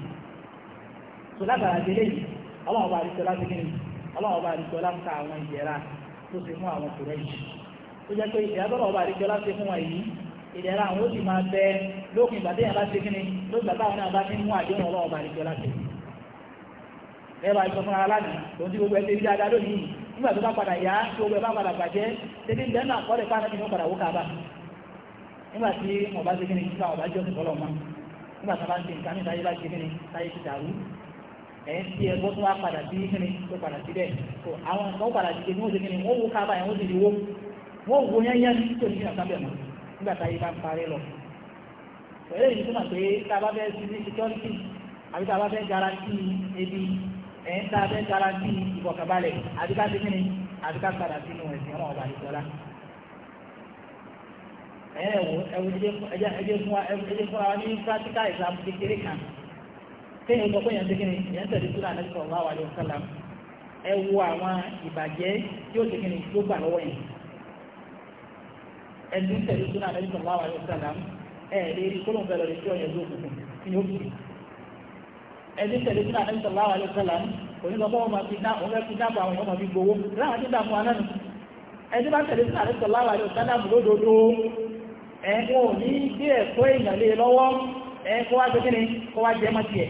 tó lágbára délé yìí ọlọ́run bá àdìsọ láti kí ni ọlọ́run bá àdìsọ láti ka àwọn ìdẹ̀ra tó ṣe fún àwọn kòrẹ́ yìí tó jẹ́ pé ìdẹ̀ra tó lọ́wọ́ bá àdìsọ láti fún wọn yìí ìdẹ̀ra àwọn ó sì máa bẹ lókun ìgbà téèyàn bá ṣe kí lókun ìgbà táwọn bá ti mú ọlọ́run bá bá lánàá tó ń gbogbo nígbà tó ẹ̀yìn tí ẹ gbọ́dọ̀ wá padà sí kíni tó padà sí bẹ́ẹ̀ tó àwọn nǹkan padà sí kíni wọ́n ti kíni wọ́n wú kábà yẹn wọ́n ti di wó wọ́n wú yányán tó ní kíni àtàbẹ̀ mọ́ nígbà táyé bá ń parí lọ. pẹ̀lú èyí tó mà pé tá a bá fẹ́ sí ní security àbí tá a bá fẹ́ garanti ebi ẹ̀yìn tá a fẹ́ garanti ìfọ̀kàbalẹ̀ àbí ká ti kíni àbí ká padà sínú ẹ̀sìn ọlọ́run ọba àdìsọ́lá ẹ̀yìn ẹ̀wọ̀ ẹ̀wọ̀ ẹ̀jẹ̀ fún wa ní practical exam kékeré kan kéèyàn sọ pé èèyàn ti kíni èèyàn tẹ̀lé súnà Ànábì sallallahu alaihi wasallam ẹ wo àwọn ìbàjẹ́ tí ó ti kíni ló gbà lọ́wọ́ yẹn ẹni tẹ̀lé súnà Ànábì sallallahu alaihi wasallam ẹ lè rí kólóhùn fẹ́ lọ lè tí ọ̀yẹ́ ló kùkù ní ó kùkù ẹni tẹ̀lé súnà Ànábì sallallahu alaihi wasallam òní lọ́pọ̀ wọn máa fi dá òun fẹ́ fi dáàbò àwọn èèyàn máa fi gbowó láwọn ti ẹni bá tẹ̀lé súnà Ànábì sallallahu alaihi wasallam lódodo ẹ̀ wọn ò ní bí ẹ̀kọ́ èèyàn lé lọ́wọ́ ẹ̀ kó wá gbé kíni kó wá jẹ́ mọ́ tiẹ̀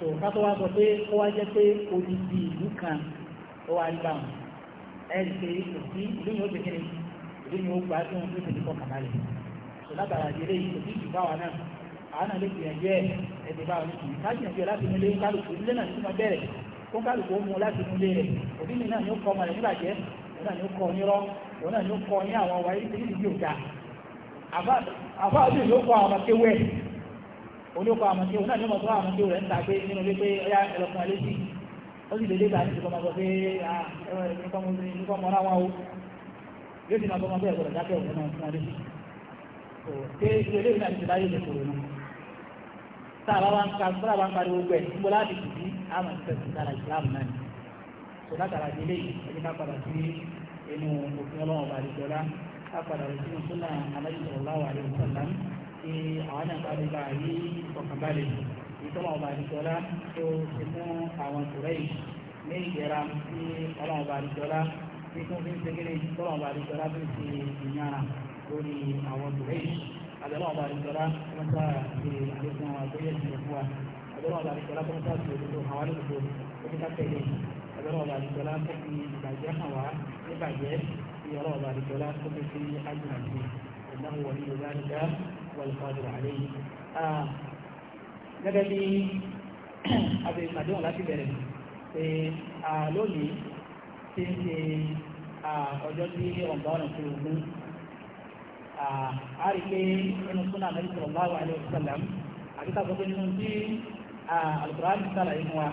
so kátó wá sọ pé ó wá jẹ́ pé odidi ìlú kan ó wá rí báwọn ẹ̀rì pé kò sí ìlú yìí ó ti kéré ìlú yìí ó gbà tí wọ́n tó ti kọ́ kàbálẹ̀ so látara ìdílé yìí kò sí ìlú báwa náà àwọn náà lè gbìyànjú ẹ̀ ẹ̀dẹ̀ báwa ní kìí ká gbìyànjú ẹ̀ láti mú ilé kálukú ilé náà ti máa bẹ̀rẹ̀ kó kálukú ó mú láti mú ilé rẹ̀ òbí mi náà ni ó kọ́ ọmọ rẹ̀ níbàjẹ́ òun náà ni ó kọ́ ọ ní oníkọ àmọ̀tí òun náà ní ọmọ tó àmọ̀tí rẹ̀ ń ta pé nínú ilé pé ọyá ẹlọ́kùn alẹ́ sí ó sì dédé gbà ní ìjọba sọ pé nípa ọmọ ara wọn o yóò sì máa bọ́ ọmọ bẹ́ẹ̀ gbọ́dọ̀ dákẹ́ òun náà fún alẹ́ sí pé ilé ilé náà ti ti láyé lẹ́kọ̀ọ́ náà tá a bá wá ń ka fúnra bá ń pariwo gbẹ níbo láti tù sí àmọ̀ ti tẹ̀sí sára ìsìlámù náà sọ látara délé ẹni ká padà sí inú òfin ọlọ́run bàdìjọ́lá ká padà sí inú súnà aláìsọ̀rọ̀ láwà àdéhùn sọ̀lámù kí àwọn náà bá lè bá rí ìfọ̀kànbalẹ̀ ìtọ́lọ̀ ọba àdìjọ́lá tó ti fún àwọn ìtòrẹ́ yìí ní ìjẹra tí ọlọ́run ọba àdìjọ́lá tí tó fi ń segere ìtọ́lọ̀ ọba àdìjọ́lá tó ti ìyára lórí àwọn ìtòrẹ́ yìí àbẹ̀lọ́ ọba àdìjọ́lá tó ń sáà ṣe àlékún àgbóyè ìṣẹ̀lẹ̀ fún wa àbẹ̀lọ́ ọba àdìjọ́lá tó ń sáà ṣe òdodo àwọn alóòdòdó tó ti ká tẹ̀lé àbẹ̀lọ́ ọba àdìjọ́lá tó fi ìbàjẹ́ hàn wá níbàjẹ́ ìyọ̀rọ̀ ọba àdìjọ́lá tó fi fi ájùmọ̀ sí ìdáhùn wọlé yorùbá والقادر عليه gẹ́gẹ́ bí abẹ́ ìpàdéhùn láti bẹ̀rẹ̀ pé lónìí tí ń ṣe ọjọ́ tí ọ̀gbà ọ̀nà tó gún a rí pé inú súnà Ànábì sallallahu alaihi wasallam àbíká sọ pé nínú tí Al-Qur'an ti sàlàyé fún wa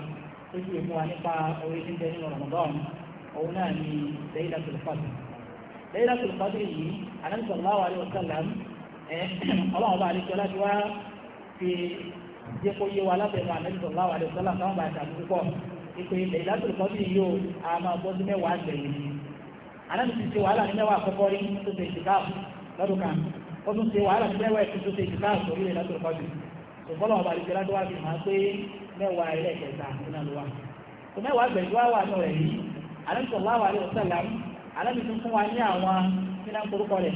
tó sì fún wa nípa orí tí ń bẹ nínú Ramadan òun náà ni Laylatul Qadr Laylatul Qadr yìí Ànábì sallallahu alaihi wasallam ọlọ́run bá àdíkẹ́ láti wá fi jẹ́ kó yé wa látẹ̀nu àmẹ́sọ̀ láwà lè sọ́lá káwọn bá àtàkùn púpọ̀ ìpè ilẹ̀ ìlàtòrò kan sì yóò a máa bọ́ sí mẹ́wàá gbẹ̀yìn anábì ti ṣe wàhálà ní mẹ́wàá àkọ́kọ́ rí tó ṣe ìtìkáàfù lọ́dún kan ó tún ṣe wàhálà ní mẹ́wàá ẹ̀kú tó ṣe ìtìkáàfù orí ìlàtòrò kan jù ṣùgbọ́n ọba àdìsẹ́ láti wá fi hàn pé mẹ́wàá ilẹ̀ ìkẹta nínú àlùwà tó mẹ́wàá gbẹ̀yìn wá wà nù rẹ̀ yìí anábì sọ̀rọ̀ láwà lè sọ̀lá anábì tún fún wa ní àwọn nínú àkórúkọ rẹ̀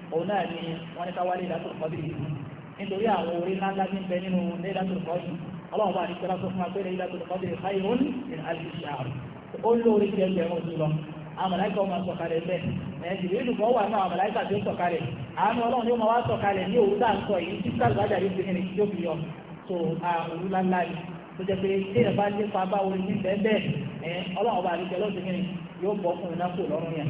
òun náà ni wọ́n ní káwálé ìdásòrò kọ́dìrì nítorí àwọn orí ńláńlá ní bẹ nínú ìdásòrò kọ́dìrì ọlọ́run bá ní kí lásán fún agbẹ́rẹ́ ìdásòrò kọ́dìrì káyọ̀ ní àlùfíà ó lórí jẹ́ ẹgbẹ̀rún jùlọ àmàláìkà ọmọ sọ̀kalẹ̀ bẹ́ ẹ̀jìlẹ̀ ìdùkọ́ wà náà àmàláìkà tí ó sọ̀kalẹ̀ àánú ọlọ́run yóò máa wá sọ̀kalẹ̀ ní òwúrọ̀ àǹsọ̀ yìí tí sàlùbájà yóò fi hìnrìn yóò fi yọ tó àrùn lánlá yìí tó jẹ́ pé tí ẹ̀ bá ń lépa bá orin ní bẹ́ẹ̀ bẹ́ẹ̀ ọlọ́run ọba àdìjẹ́ lọ́sìn hìnrìn yóò bọ́ fún iná lọ́rùn yẹn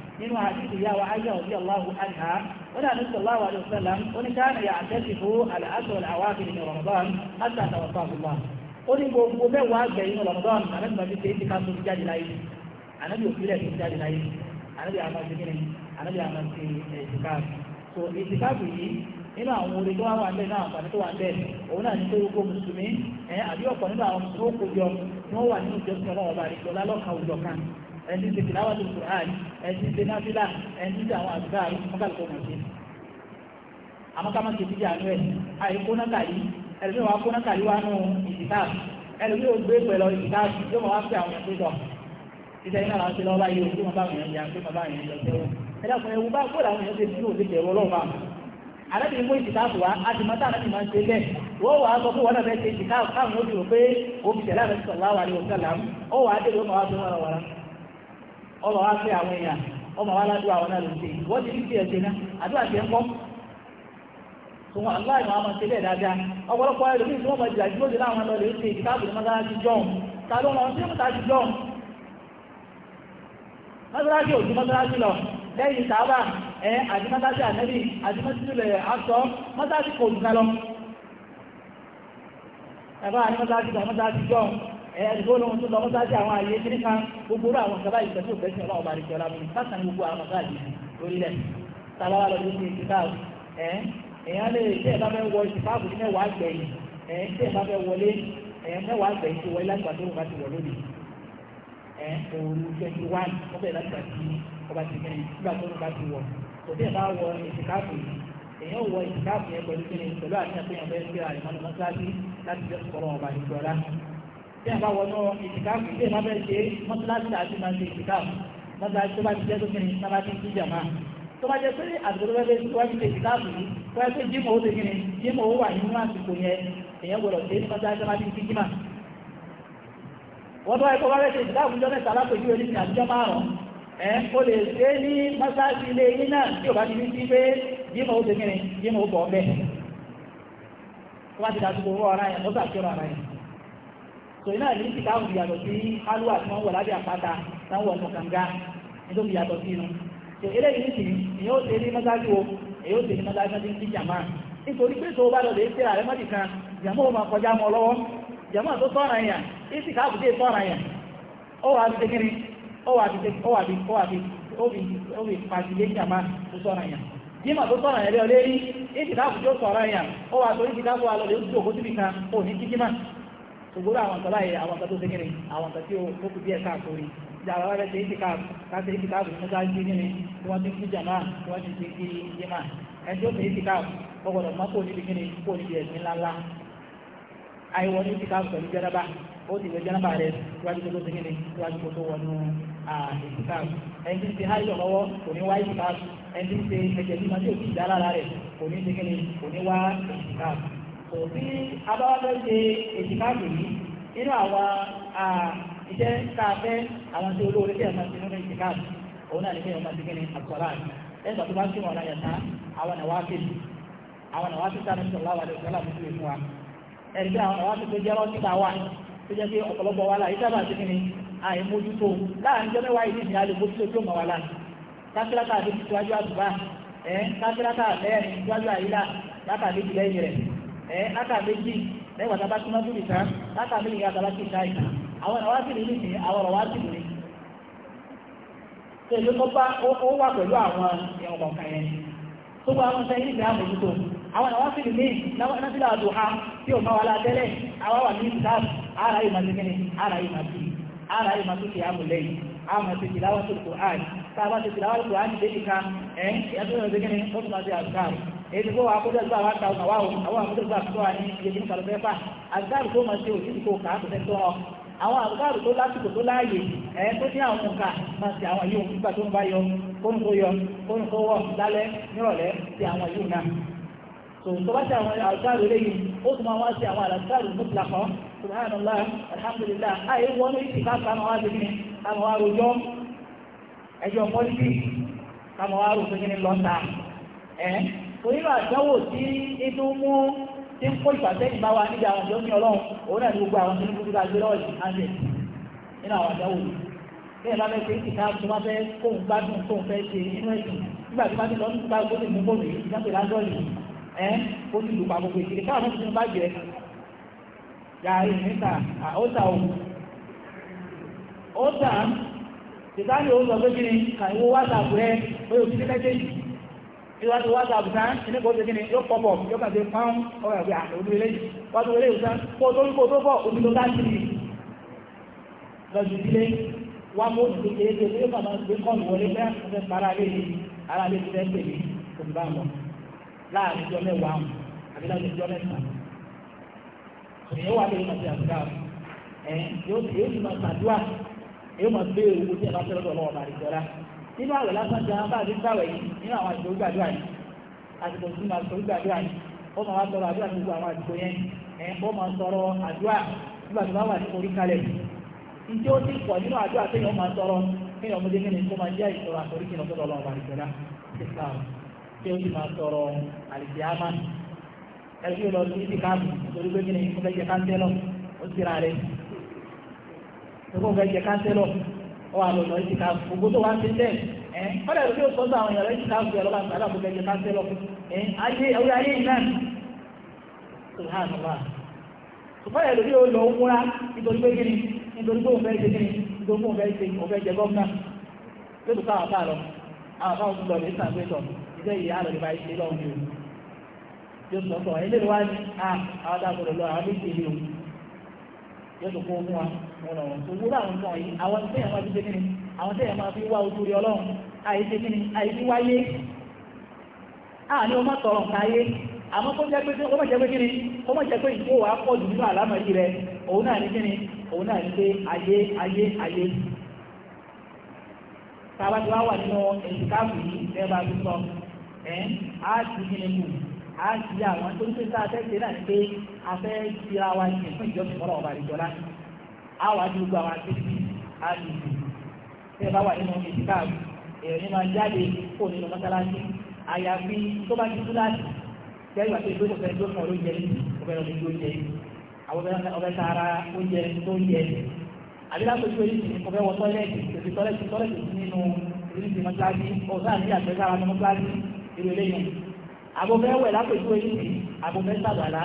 nínú àdìsí yàwó ayé ọ̀dí aláwò àdìhá wọ́n dà nípa aláwò àdìhá sẹ́lá ó ní káàna yà àtẹ́sí fún àlàáṣọ àwọn àkìrì ní Ramadan àti àtàwọn fàbùbà ó ní gbogbo mẹ́wàá gbẹ̀ inú Ramadan ànábì máa fi ṣe é ti ká tó fi jáde láyé ànábì òfìlẹ̀ tó fi jáde láyé ànábì àmọ́ ti kíni ànábì àmọ́ ti ẹ̀ẹ́dìkáàbù so ìtìkáàbù yìí nínú àwọn orin tó wá wà ńbẹ náà tó wà ńbẹ òun náà ní pé gbogbo mùsùlùmí ẹ eh, àbí ọ̀pọ̀ nínú àwọn tó kojọ tí wọ́n wà nínú ìjọsìn ọlọ́wọ́ bá rí lọ́lá òjọ̀ kan ẹni tí kìlá wà lóṣù àárí ẹni tí náfílà ẹni tí àwọn àdúgbà àrí mọ́kàlùkọ́ mọ̀ sí àmọ́ká má ti fìdí àánú ẹ̀ àyè kónákàlí ẹlòmíì wa kónákàlí wa nù ìdìtààbù ẹlòmíì ò gbé pẹ̀lú ìdìtààbù yóò máa wá pé àwọn ẹ̀kọ́ ìtọ̀ títẹ̀ iná làwọn ti lọ́ọ́ báyìí ojú wọn bá wọn yẹn yà pé bàbá yẹn lọ tẹ́wọ́ ẹ̀dá fún ewu bá kóòlù àwọn yẹn ti dúró lè bẹ̀rù ọlọ́run bá àlẹ́bí ń mú ìtìkáàfù wa a ti máa tá ṣe bẹ́ẹ̀ wọ́n wàá sọ fún wọn náà fẹ́ ṣe ìtìkáàfù káwọn ó rò pé òbí tẹ̀lé àlẹ́bí sọ̀rọ̀ láwàá ní òṣèlú àmú ó wàá dé ló máa wá tó wọn wàrà ọmọ wa fẹ́ àwọn èèyàn ọmọ wa ládùú àwọn náà ló ń ṣe wọ́n ti ní kí náà àdúrà tiẹ̀ ń kọ́ tòun aláì máa máa ṣe bẹ́ẹ̀ dáadáa ọ̀pọ̀lọpọ̀ ẹlòmíì tí wọ́n máa jìlá jùlọ jìlá àwọn ọlọ́lẹ̀ ṣe ní mọ́sálásí wọn mọ́sálásí òjú mọ́sálásí lọ lẹ́yìn sábà ẹ ẹ̀ẹ́dìgbónú tó lọ mọ́tá sí àwọn àyè kiri kan gbogbo àwọn ìjọba ìjọba ìjọba ìjọba ọba àdìsí ọlá mi káàkiri ní gbogbo àwọn káàdì lórílẹ̀ tàbára lọ sí ìsìnká ẹ̀ èèyàn lè tí ẹ̀ bá fẹ́ wọ ìsìnkáàbù ní mẹ́wàá gbẹ̀yìn ẹ̀ tí ẹ̀ bá fẹ́ wọlé ẹ̀ mẹ́wàá gbẹ̀yìn ti wọlé láti pàtó òun bá ti wọ lónìí ẹ̀ òru twenty one ó bẹ̀rẹ̀ láti pàtó ọba ti kẹ́yìn nígbà tó ń bá ti wọ kò tí ẹ̀ bá wọ ìsìnkáàbù èèyàn wọ ìsìnkáàbù tí a bá wọnú ìtìkáàfù tí a bá fẹ́ ṣe mọ́tíláṣí àti máa ṣe ìtìkáàfù mọ́tíláṣí tó bá ti jẹ́ tó kiri náà bá ti ti jàmá tó bá jẹ́ pé àdúgbò fẹ́ tó wá ti ṣe ìtìkáàfù yìí tó yẹ pé jímọ̀ ó ti kiri jímọ̀ ó wà nínú àsìkò yẹn èèyàn gbọ́dọ̀ ṣe ní mọ́tíláṣí tó bá ti ti jímà wọ́n tó wáyé kó bá fẹ́ ṣe ìtìkáàfù jọ mẹ́ta alákòjú orí ti àjọ márùn-ún ẹ̀ ó lè ṣe ní mọ́tíláṣí ilé yín náà tí ò bá ti ní sí pé jímọ̀ ó ti kiri jímọ̀ ó bọ̀ ọ́ bẹ́ẹ̀ tó bá ti dàtúkò owó ọ̀rá yẹn ó tòun náà ní ti káwọn ìyàtọ̀ sí alúwà tí wọ́n wọ̀ lábẹ́ àpáta táwọn wọ̀ ọ̀kànga nítorí ìyàtọ̀ sí inú tó eléyìí nìsí èyí ó ṣe ní mọ́sájú o èyí ó ní mọ́sájú ní ti jàmá nítorí pé tó bá lọ lè ṣe ààrẹ mọ́dì kan jàmá ó kọjá mọ́ lọ́wọ́ tó ṣùgbọ́n àwọn nǹkan báyìí àwọn nǹkan tó ṣe kíni àwọn nǹkan tí ó kù díẹ̀ káàkó ni ìjàmbá bá fẹ́ ṣe ìtìká káṣe ìtìká kò ní sáájú kíni tí wọ́n ti ń kú jàmá tí wọ́n ti ń kí yémà ẹni tí ó ṣe ìtìká gbọ́gbọ́dọ̀ má kò níbi kíni kò níbi ẹ̀sìn ńláńlá àìwọ ní ìtìká pẹ̀lú jẹ́nàbà ó ti wẹ jẹ́nàbà rẹ síwájú tó ṣe kíni síwájú tó tó wọnú kò sí abáwábẹ́ ṣe ètìkáàbù yìí nínú àwọn iṣẹ́ káàfẹ́ àwọn tí olóore tí ẹ̀ma ike nínú na òun náà ní kéèyàn máa ti kéne àkọ́lá ẹgbà tó bá ń kíwọ̀n láyà àwọn ẹ̀wà kéèkì àwọn ẹ̀wà tó sáré sọ̀rọ̀ láwà lè sọ́lá tó wa ẹ̀rí pé àwọn tó tó jẹ́rọ́ wa tó jẹ́ pé ọ̀pọ̀lọpọ̀ wa láyé sábà àìmójútó láàrin ẹ̀ látà méjì lẹ́yìn wàtà bá tún máa aka ìtàn látà méjì yàtà bá tún ìta àwọn ọ̀rọ̀ wá sí ìlú àwọn ọ̀rọ̀ wá sí ìlú nìyí. tó bá ó wà pẹ̀lú àwọn ẹ̀wọ̀n kọ̀ọ̀kan yẹn tó bá wọn sẹ́yìn ìgbà àmójútó àwọn ọ̀rọ̀ wá sí ìlú tí wà látẹ́lẹ̀ àwọn wà ní ara yìí máa ti ara yìí máa ti ara yìí máa ti ti tó kò áì tá a bá ti èyí tó wà akójọ́gbà wà ta ọ̀nà wáwò àwọn akójọ́gbà tó wà ní iye nípa lọ́fẹ́ fà àgbáàrù tó máa ṣe òsì kò kà á tó fẹ́ tó ọ àwọn àgbáàrù tó lásìkò tó láàyè ẹ̀ tó ní àwọn nǹka máa ṣe àwọn yìí nígbà tó ń bá yọ kóun tó yọ kóun tó wọ̀ lálẹ́ nírọ̀lẹ́ ṣe àwọn yìí náà so tó bá ṣe àwọn àgbáàrù eléyìí ó tún máa wá ṣe àwọn àgbáàrù tó ti làkọ́ subhanallah alhamdulillah onírò àdánwò tí inú mú tí ń kó ìfàsẹ́yìn bá wa níbi àwọn ìjọ ní ọlọ́run òun náà ní gbogbo àwọn tó ní gbogbo àgbé lọ́wọ́ yìí àjẹ nínú àwọn àdánwò yìí bẹ́ẹ̀ bá fẹ́ ṣe ìka tó bá fẹ́ kóun gbádùn kóun fẹ́ ṣe inú ẹ̀sìn nígbà tí bá ti lọ ní gbogbo àgbó lè mú bọ́ọ̀lù yìí ìjọba ìlàjọ́ọ̀lù yìí ẹ́ ó ti lù pa gbogbo ìkìlì káwọn tó ti bá jẹ yàrá iwájú whatsapp tán ní kò ṣe kíni yóò pọ̀pọ̀ yóò kàn ṣe pọ́n ọ̀rọ̀ ẹ̀gbẹ́ àlòlú ah, eléyìí wájú eléyìí tán kó tó rí kó tó bọ̀ omi tó bá ti rí lọ́jọ́ ilé wá mú òṣìṣẹ́ kékeré tó yóò kàn máa gbé kọ́ọ̀lù wọlé fẹ́ ah, fẹ́ para lé ní ara lé fẹ́ pè ní òmìnira mọ̀ láàrin ìjọ mẹ́wàá àbí láàrin ìjọ mẹ́sàn-án èèyàn wà lórí màtí àbúrà ẹ̀ yóò sì máa ṣàdúrà èèyàn a bá fẹ́ nínú àwẹ̀ lásán jẹ́ bá àti gbàwẹ̀ yìí nínú àwọn àsìkò gbàdúrà yìí àsìkò tí mo àsìkò gbàdúrà yìí ó máa wá tọrọ àdúrà gbogbo àwọn àsìkò yẹn ẹ̀ ó máa tọrọ àdúrà nígbà tó bá wà ní orí kalẹ̀ njẹ ó ti pọ̀ nínú àdúrà tó yẹn ó máa tọrọ kí ni ọmọdé mímu kó máa jẹ́ ìtọrọ àtọrí kí ni ọmọdé ọlọ́run bá nìkan náà kí ó sì máa tọrọ àlìsíámà wà lọ́dọ̀ yìí ká gbogbo tó wá sí dẹ́ ẹ̀ kọ́lẹ̀ ló yóò sọ́dọ̀ àwọn èèyàn yìí gbé ọlọ́ba àgbàdo àbúkẹ́ ẹ̀jẹ̀ ká sẹ́lọ̀ ẹ̀ ayé orí ayé yìí náà subhanallah ṣùgbọ́n ẹ̀lò yóò lọ múra nítorí pé gíní nítorí pé òun fẹ́ ṣe gíní nítorí pé òun fẹ́ ṣe òun jẹ gọ́ọ̀nà ló káwà lọ àwọn tó lọ ìṣe ìyá yóò tó kó fún wa wọn lọ wọn tó wúlò àwọn nǹkan yìí àwọn tẹ́yà máa fi ṣe kíni àwọn tẹ́yà máa fi wá ojú rí ọlọ́run àyè ṣe kíni àyè fi wáyé àní ọmọ tọrọ nǹkan ayé àmọ́ kó jẹ́ pé kó mọ̀ jẹ́ pé kíni kó mọ̀ jẹ́ pé ìjó wa pọ̀ jù nínú àlámọ̀rí rẹ òun náà ní kíni òun náà ní pé ayé ayé ayé tàbá ti wá wà nínú èsì káàkiri ẹ bá fi sọ ẹ á ti kíni kù a ń ṣe àwọn tó ń pè sáà tẹ́sẹ̀ náà ni pé a fẹ́ ṣíra wa ní ẹ̀fún ìjọsìn fọ́lọ́ ọba àdìjọ́lá a wà ní gbogbo àwọn akéwì a lè fi tẹ́ bá wà nínú èsì káàbù èèyàn ní máa jáde kó nínú mọ́sálásí àyàfi tó bá dúdú láti tẹ́lú àti ìgbésẹ̀ fẹ́ tó kàn lóúnjẹ yìí ọbẹ̀ lọ́dún tó jẹ àwọn ọbẹ̀ tààrà oúnjẹ tó ń jẹ àdíláṣọ tó yìí ni ọbẹ̀ wọ tọ́lẹ̀tì tòbi tọ́lẹ̀tì tọ́lẹ̀tì nínú ìrísí mọ́sálásí ọ̀sán àti àtẹ́sára mọ́sálásí ìrẹ̀lẹ́yìn àbòfẹ́ wẹ̀ lápòjú oyin sí àbòfẹ́ sàgbàlá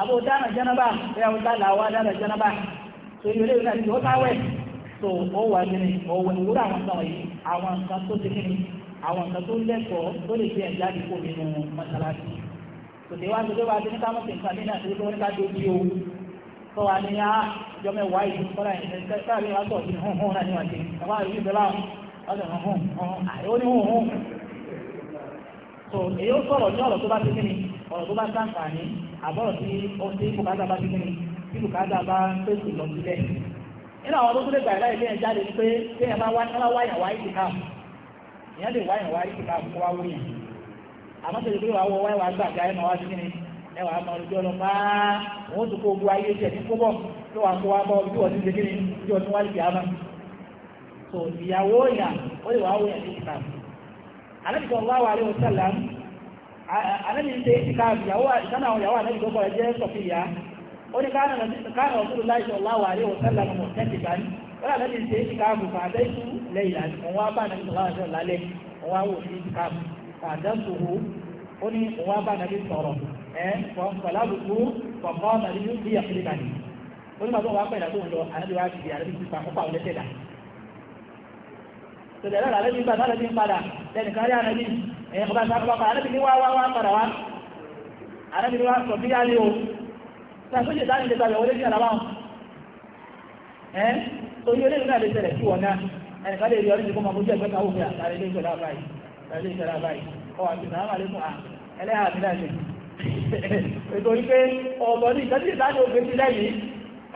àbò dáná jẹ́nàbà bẹ́ẹ̀ wọ́n dáná wá dáná jẹ́nàbà tó yẹ léwu náà ti ó táwẹ̀ tó ó wà nínú ọ̀wẹ̀ ìwúrọ̀ àwọn nǹkan yìí àwọn nǹkan tó ti kíni àwọn nǹkan tó lẹ́kọ̀ọ́ tó lè fi ẹ̀já àdìpò nínú mọ́ṣáláṣí tòde wá tòde wá tòde káwọn tèǹkà nínú àti tó ní ká tó bí o tó wà ní á ìjọ mẹ́wàá yìí kọ́ra ẹ̀ káàbí wá sọ̀tún hùn hùn náà ní wàá ti ẹ̀ wá rí ìbẹ̀rẹ̀ àwọn ọ̀sẹ̀ hùn hùn àyẹ̀wò ní hùn hùn tó èyí ó sọ̀rọ̀ ní ọ̀rọ̀ tó bá ti kíni ọ̀rọ̀ tó bá sàǹfààní àbọ̀rọ̀ tí ó ti bùkátà bá ti kíni tí bùkátà bá pèsè lọ sílẹ̀ nínú àwọn tó lè gbà láì ẹja lè ní pé tí ẹ bá wáyà wá ìkìkà ìyẹn lè wáyà wá ìkìkà kó wá wúyà àmọ́ tó lè pé wàá wọ wáyà wá gbàgbà ẹ̀ máa wá sí ẹ wàá máa lójú ọlọ anábì sallallahu alaihi wasallam anábì ń ṣe ìtìkáàbù ìtànà àwọn ìyàwó anábì gbogbo ẹ̀jẹ̀ sọ̀fìyà ó ní káàrọ̀ ọ̀sùn láì sallallahu alaihi wasallam mọ̀ tẹ́tì bá ní wọ́n anábì ń ṣe ìtìkáàbù fàdẹ́sù lẹ́yìn àti òun wá bá anábì sallallahu alaihi wasallam lálẹ́ òun wá wò sí ìtìkáàbù fàdẹ́sù ó ní òun wá bá anábì tòlẹ́rẹ́ rà lẹ́bí gbàtà lẹ́bí padà lẹ́nìkan rí ànẹ́bí ẹ̀yìn ọba ìsáàkọ́pàá ànẹ́bí ní wá wá wá padà wá ànẹ́bí ní wá sọ bí yálé o sàtúnjẹ dání lè gbàgbọ́ lẹ́bí àlàbáwọn ẹ́ tó yí olóyìn náà lè tẹ̀lẹ̀ sí wọn náà ẹnìkan lè rí ọdún ìkọ́mọ ojú ẹgbẹ́ káwọ́ fẹ́ àtàrí lè gbẹ̀lá báyìí tàbí ìṣẹ̀lá báyìí ọwọ́ àti sàmà lẹ́kùn à ẹlẹ́yà àti láti ètò ìpé ọ̀bọ̀ ní ìtẹ́sí ìtàjò òfin ti lẹ́yìn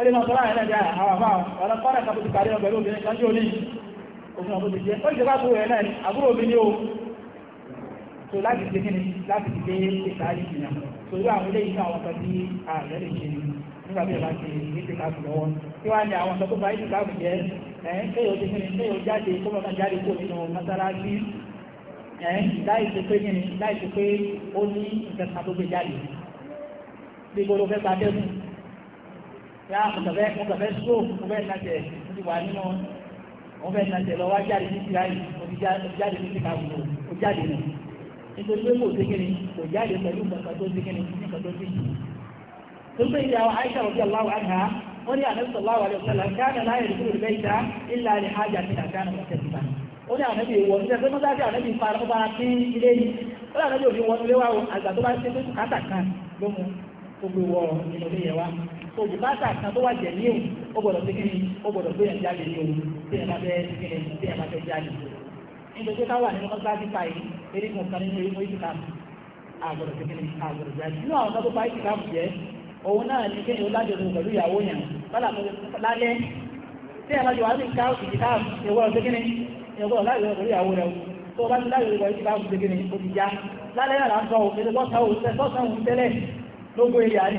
ẹni máa sọ láàrin náà jẹ́ àwọn àbáwọn ọ̀rọ̀ pọ́nà kàbùkù kàrí òfin ọ̀bọ̀ ti o tó láti ṣe kí ni láti ti gbé ìsáájú ìyàn tó yóò àwọn ilé ìṣẹ́ àwọn kan tí ààrẹ lè ṣe nígbà bí ìbá ṣe ìgbésẹ̀ káàkiri lọ́wọ́ kí wá ní àwọn ìṣọ́kọ́ bá ìṣẹ́ káàkiri jẹ́ ẹ̀ẹ́n kéyò ti kíni kéyò jáde kó mọ̀ká jáde kó nínú mọ́sálásí ẹ̀ẹ́n láì ṣe pé kíni láì ṣe pé ó ní ìkẹta tó gbé jáde bí gbogbo fẹ́ ta dẹ́kun yá mo kàfẹ́ mo kàfẹ́ stroke mo fẹ́ nàṣẹ̀ mo ti wà nínú wọ́n fẹ́ nàṣẹ lọ wá jáde ní ti ráyè òbí jáde ní ti káàbù ó jáde nù nítorí pé kò sí kíni kò jáde pẹ̀lú nǹkan tó sí kíni nǹkan tó sí kíni. tó ń pè ní àwọn Aisha rọ̀bí aláwọ̀ àná wọ́n ní àná sọ̀lá wà lọ́sọ̀ là káàdà láyé ìdúró rẹ̀ ìta ìlà rẹ̀ hájà sí àkáàdà mọ̀ tẹ̀síta. ó ní àná bí wọ ní ẹgbẹ́ mọ́tàkì àná bí fara fara sí ilé ni ó ní àná bí òbí wọnú léwà àgbà tó bá ṣe pé kàtà kan ló mú gbogbo wọ inú ilé tó bùkátà kan tó wà jẹ̀ ní òun ó gbọ́dọ̀ pé kíni ó gbọ́dọ̀ pé ẹ̀já lè ní òun tí ẹ̀ bá fẹ́ kíni tí ẹ̀ bá fẹ́ jáde nítorí pé káwà nínú mọ́sáàtì fàyè erékùn kan nínú erékùn ìsìlámù àgbọ̀dọ̀ pé kíni àgbọ̀dọ̀ jáde nínú àwọn kan tó fa ìsìlámù jẹ́ òun náà ní kíni ó lájọ pẹ̀lú ìyàwó yẹn lálẹ́ tí ẹ̀ bá jọ wá sí ká ìsìlámù ìwọ́n pé kíni ìwọ́n lájọ pẹ̀lú ìyàwó rẹ̀ tó bá ti lájọ pẹ̀lú ìsìlámù pé kíni ó ti já lálẹ́ yàrá ń sọ òun tẹ́lẹ̀ lọ́sàn òun tẹ́lẹ̀ lógún ìyàrí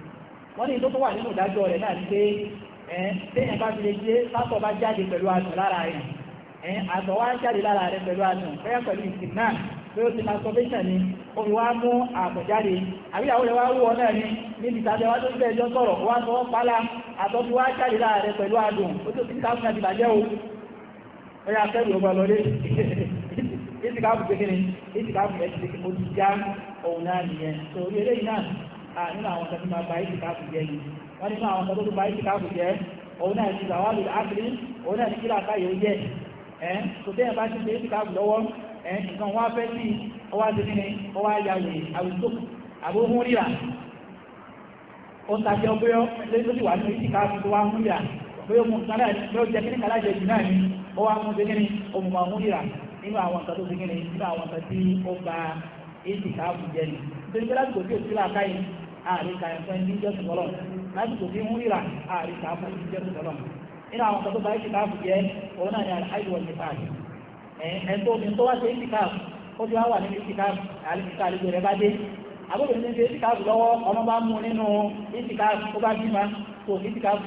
wọ́n ní ìlókò wà nínú ìdájọ́ rẹ̀ náà ni pé téèyàn bá fi lè gbé sátọ̀ bá jáde pẹ̀lú àtọ̀ lára rẹ̀ àtọ̀ wá jáde lára rẹ̀ pẹ̀lú àtọ̀ fẹ́yà pẹ̀lú ìsìn náà pé ó ti masturbation ni ó wá mú àtọ̀ jáde rẹ̀ wá wú ọ náà ni níbi ìtajà wá tó ń bẹ́ẹ̀ sọ̀rọ̀ wá sọ pálá àtọ̀ wá jáde lára rẹ̀ pẹ̀lú àdùn ó tó ti ká fún àti bàjẹ́ o ó yà fẹ́rù ọgbà lọlé ìsìkáàbù kékeré ìsìkáàbù ẹ̀ ti mo ti já òun náà nìyẹn torí eléyìí náà Ah, nínú àwọn ọ̀sán tó máa bá ìsìká kù jẹ́ yìí wọ́n nínú àwọn ọ̀sán tó bá ìsìká kù jẹ́ òun náà ti làwọn àlùdà ákìrí òun náà ti kí làákà yóò jẹ́ ẹ̀ tó tẹ́yẹ̀ bá ti ṣe ìsìká lọ́wọ́ nǹkan fẹ́ sí ọwá ti ní ọwá àwùjọ àbóhun ríra ó ń tàbí ọgbẹ́ tó wá ń ríra ni àríkà ẹ̀fẹ́ ní jẹ́sù tọ́lọ̀ láti kò fi ń ríra àríkà fún ní jẹ́sù tọ́lọ̀ nínú àwọn kan tó bá ìtìká fún jẹ́ òun náà ni àìwọ̀ nípa ẹ̀ tó omi tó wá ó ti wá wà nínú bá dé àbúrò ní lọ́wọ́ ọmọ bá mú nínú tó bá bí ma tó nínú àwọn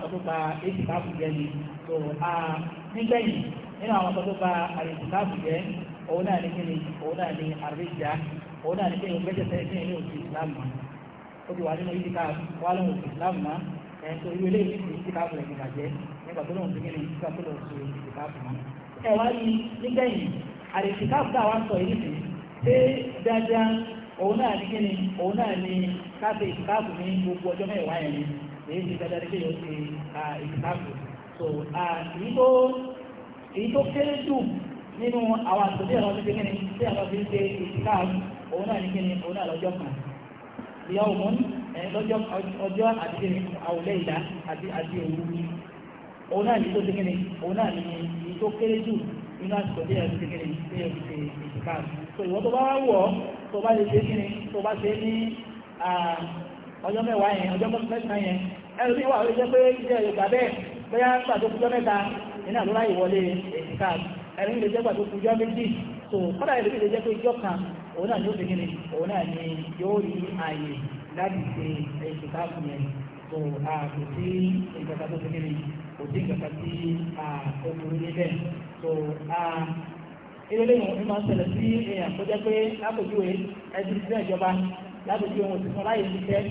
tó jẹ́ ni tó a nígbẹ̀yìn nínú àwọn tó òun náà ní pé òun gbẹ́sẹ̀ sẹ́yìn sẹ́yìn ní òsì ìsìlámù mọ́ ó ti wà nínú ìdíkà wà lóhùn òsì ìsìlámù mọ́ ẹ̀ tó irú eléyìí ti ìdíkà rẹ̀ ti bàjẹ́ nígbà tó lóhùn sí kíni nígbà tó lóhùn sí ìdíkà fún wọn. ẹ wá rí nígbẹ̀yìn àdìsíkà fún àwa sọ èyí sí pé dáadáa òun náà ní kíni òun náà ní káfí ìdíkà fún ní gbogbo ọjọ́ mẹ́wàá yẹn ni èyí ti dáadáa ní pé yóò ti ìdíkà fún. so èyí tó kéré dùn nínú àwọn àtúndì ẹ̀rọ tó kékeré tí ẹ̀rọ fi ń ṣe ìsìká òun náà ní kíni òun náà lọ́jọ́ kan ìyá òun lọ́jọ́ ọjọ́ àti àwòlẹ́ ìdá àti àti òru òun náà ní tó ti kíni òun náà ní ní tó kéré jù nínú àtúndì ẹ̀rọ tó kékeré tí ẹ̀rọ fi ṣe ìsìká so ìwọ tó bá wá wọ̀ tó bá lè ṣe kíni tó bá ṣe ní ọjọ́ mẹ́wàá yẹn ọjọ́ mẹ́sàn-án yẹn ẹ̀rọ mi wà ó lè jẹ́ pé iṣẹ́ Yorùbá bẹ́ẹ̀ bóyá ẹ̀rí lè jẹ́ pàtó kújọ́ méjì tó kọ́dà ẹ̀rí lè jẹ́ pé ìjọ kan òun náà ni ó fìgínì òun náà ni yóò rí ààyè láti ṣe èsì káàkùn yẹn tó kò sí ìgbàgbà tó fìgínì kò sí ìgbàgbà tí ọkùnrin ní bẹ́ẹ̀ tó ilé ìwọ̀n ní máa ń ṣẹlẹ̀ sí èèyàn tó jẹ́ pé lápòjúwe ẹtì sí ìjọba lápòjú ohun òsì fún láyé ṣiṣẹ́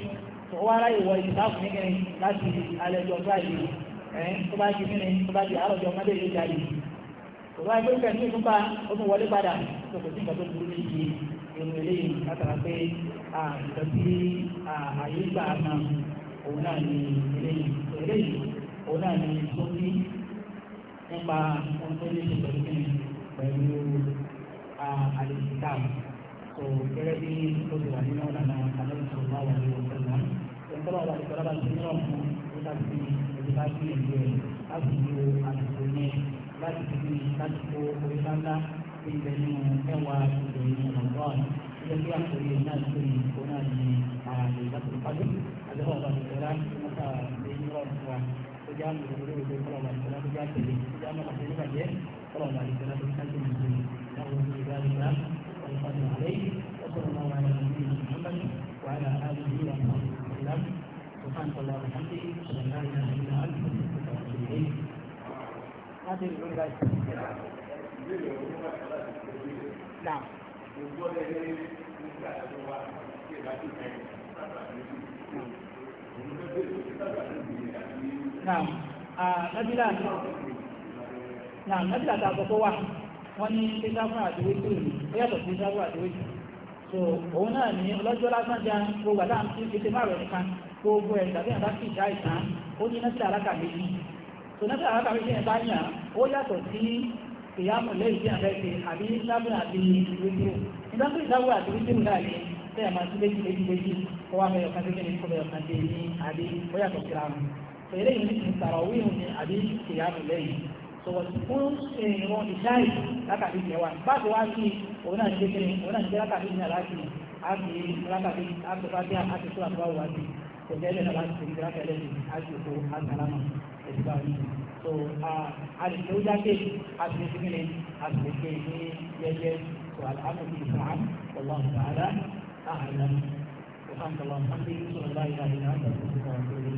tó wá láyé wọ ìsìláàfù nígbẹ̀rin láti alẹ́ ọjọ́ ọjọ́ àyè ẹ̀ tó bá di nínú tó bá di àárọ̀ ọjọ́ ọmọdé yóò jáde tòwá ẹgbẹ́ ìfẹ́ ní ìfúnpá ó tún wọlé padà tó kò sí nǹkan tó burú níbi irun eléyìí látara pé nǹkan tí àyè gbà náà òun náà ní eléyìí eléyìí òun náà ní tó ní nípa ohun tó ní ṣe pẹ̀lú kí ni pẹ̀lú àlèkìtà tó gẹ́gẹ́ bí ó ti wà nínú ọ̀nà àlejò tó wà wà ní ọ̀sẹ̀ náà ìtọ́lọ̀ wà ní ìtọ́lọ̀ bá ti ní ọ̀fun nípa ti ìdíbàtì ìlú láti fi ní láti kó orí sáńdá sí ibẹ̀ nínú ẹwàá ìròyìn ọ̀gbọ́n ilé tí wàá torí náà tó ní ìkó náà ní ààrẹ ìdákùn pàdé àdéhùn ọba ìṣẹ̀lá mọ́tà lè ní ọ̀rọ̀ fún wa tó já lórí orí òwe kọ́lọ̀ ọba ìṣẹ̀lá tó já tẹ̀lé tó já mọ́tà tẹ̀lé bàjẹ́ kọ́lọ̀ ọba ìṣẹ̀lá tó já tẹ̀lé tẹ̀lé láwọn orí ìgbà ìgbà والقدر عليه وصلى الله على نبينا محمد وعلى اله وصحبه wọ́n ti lórí báyìí. Náà. Náà nábìlà náà nábìlà tá a kọ́kọ́ wà wọ́n ní ṣẹ́sáfà àti wíṣù ní ó yàtọ̀ sí ṣẹ́sáfà àti wíṣù. So òun náà ní ọlọ́jọ́ lásán já gbogbo àdáhùn tí ó ṣe máa rẹ̀ nìkan gbogbo ẹ̀ tàbí àbá sì dá ìtàn ó ní náà sí àrákà tònátà àkàrí sí ẹ̀bá yàn ó yàtọ̀ sí ìyàmù lẹ́yìn tí a fẹ́ ṣe àbí sábẹ́ àti wíjúrò nígbà tó ìsáwọ́ àti wíjúrò náà yẹ tẹ́ ẹ̀ máa sí méjì méjì méjì kó wá mẹ́yọ̀ kan kékeré kó mẹ́yọ̀ kan dé ní àbí ó yàtọ̀ síra mu fèrè yìí ní sàrọ̀ wíhùn ní àbí ìyàmù lẹ́yìn sọ̀rọ̀ fún ìrọ̀ ìṣáì lákàtí ìjẹwà bá ti wá sí òun náà kékeré òun náà jẹ́ lákàtí ìjẹwà láti àti lákàtí àti fàtíà àti sọ́lá tó wá sí kò jẹ́ ẹ̀jẹ̀ ẹ̀sùn àwọn yìí so àlùfẹ́ ó jáde àti ìsinmi àti ìgbẹ́ ní yẹyẹ so alhamdu islam wallahu ta'ala ahàlám. وحمد الله وحمده صلى الله عليه وسلم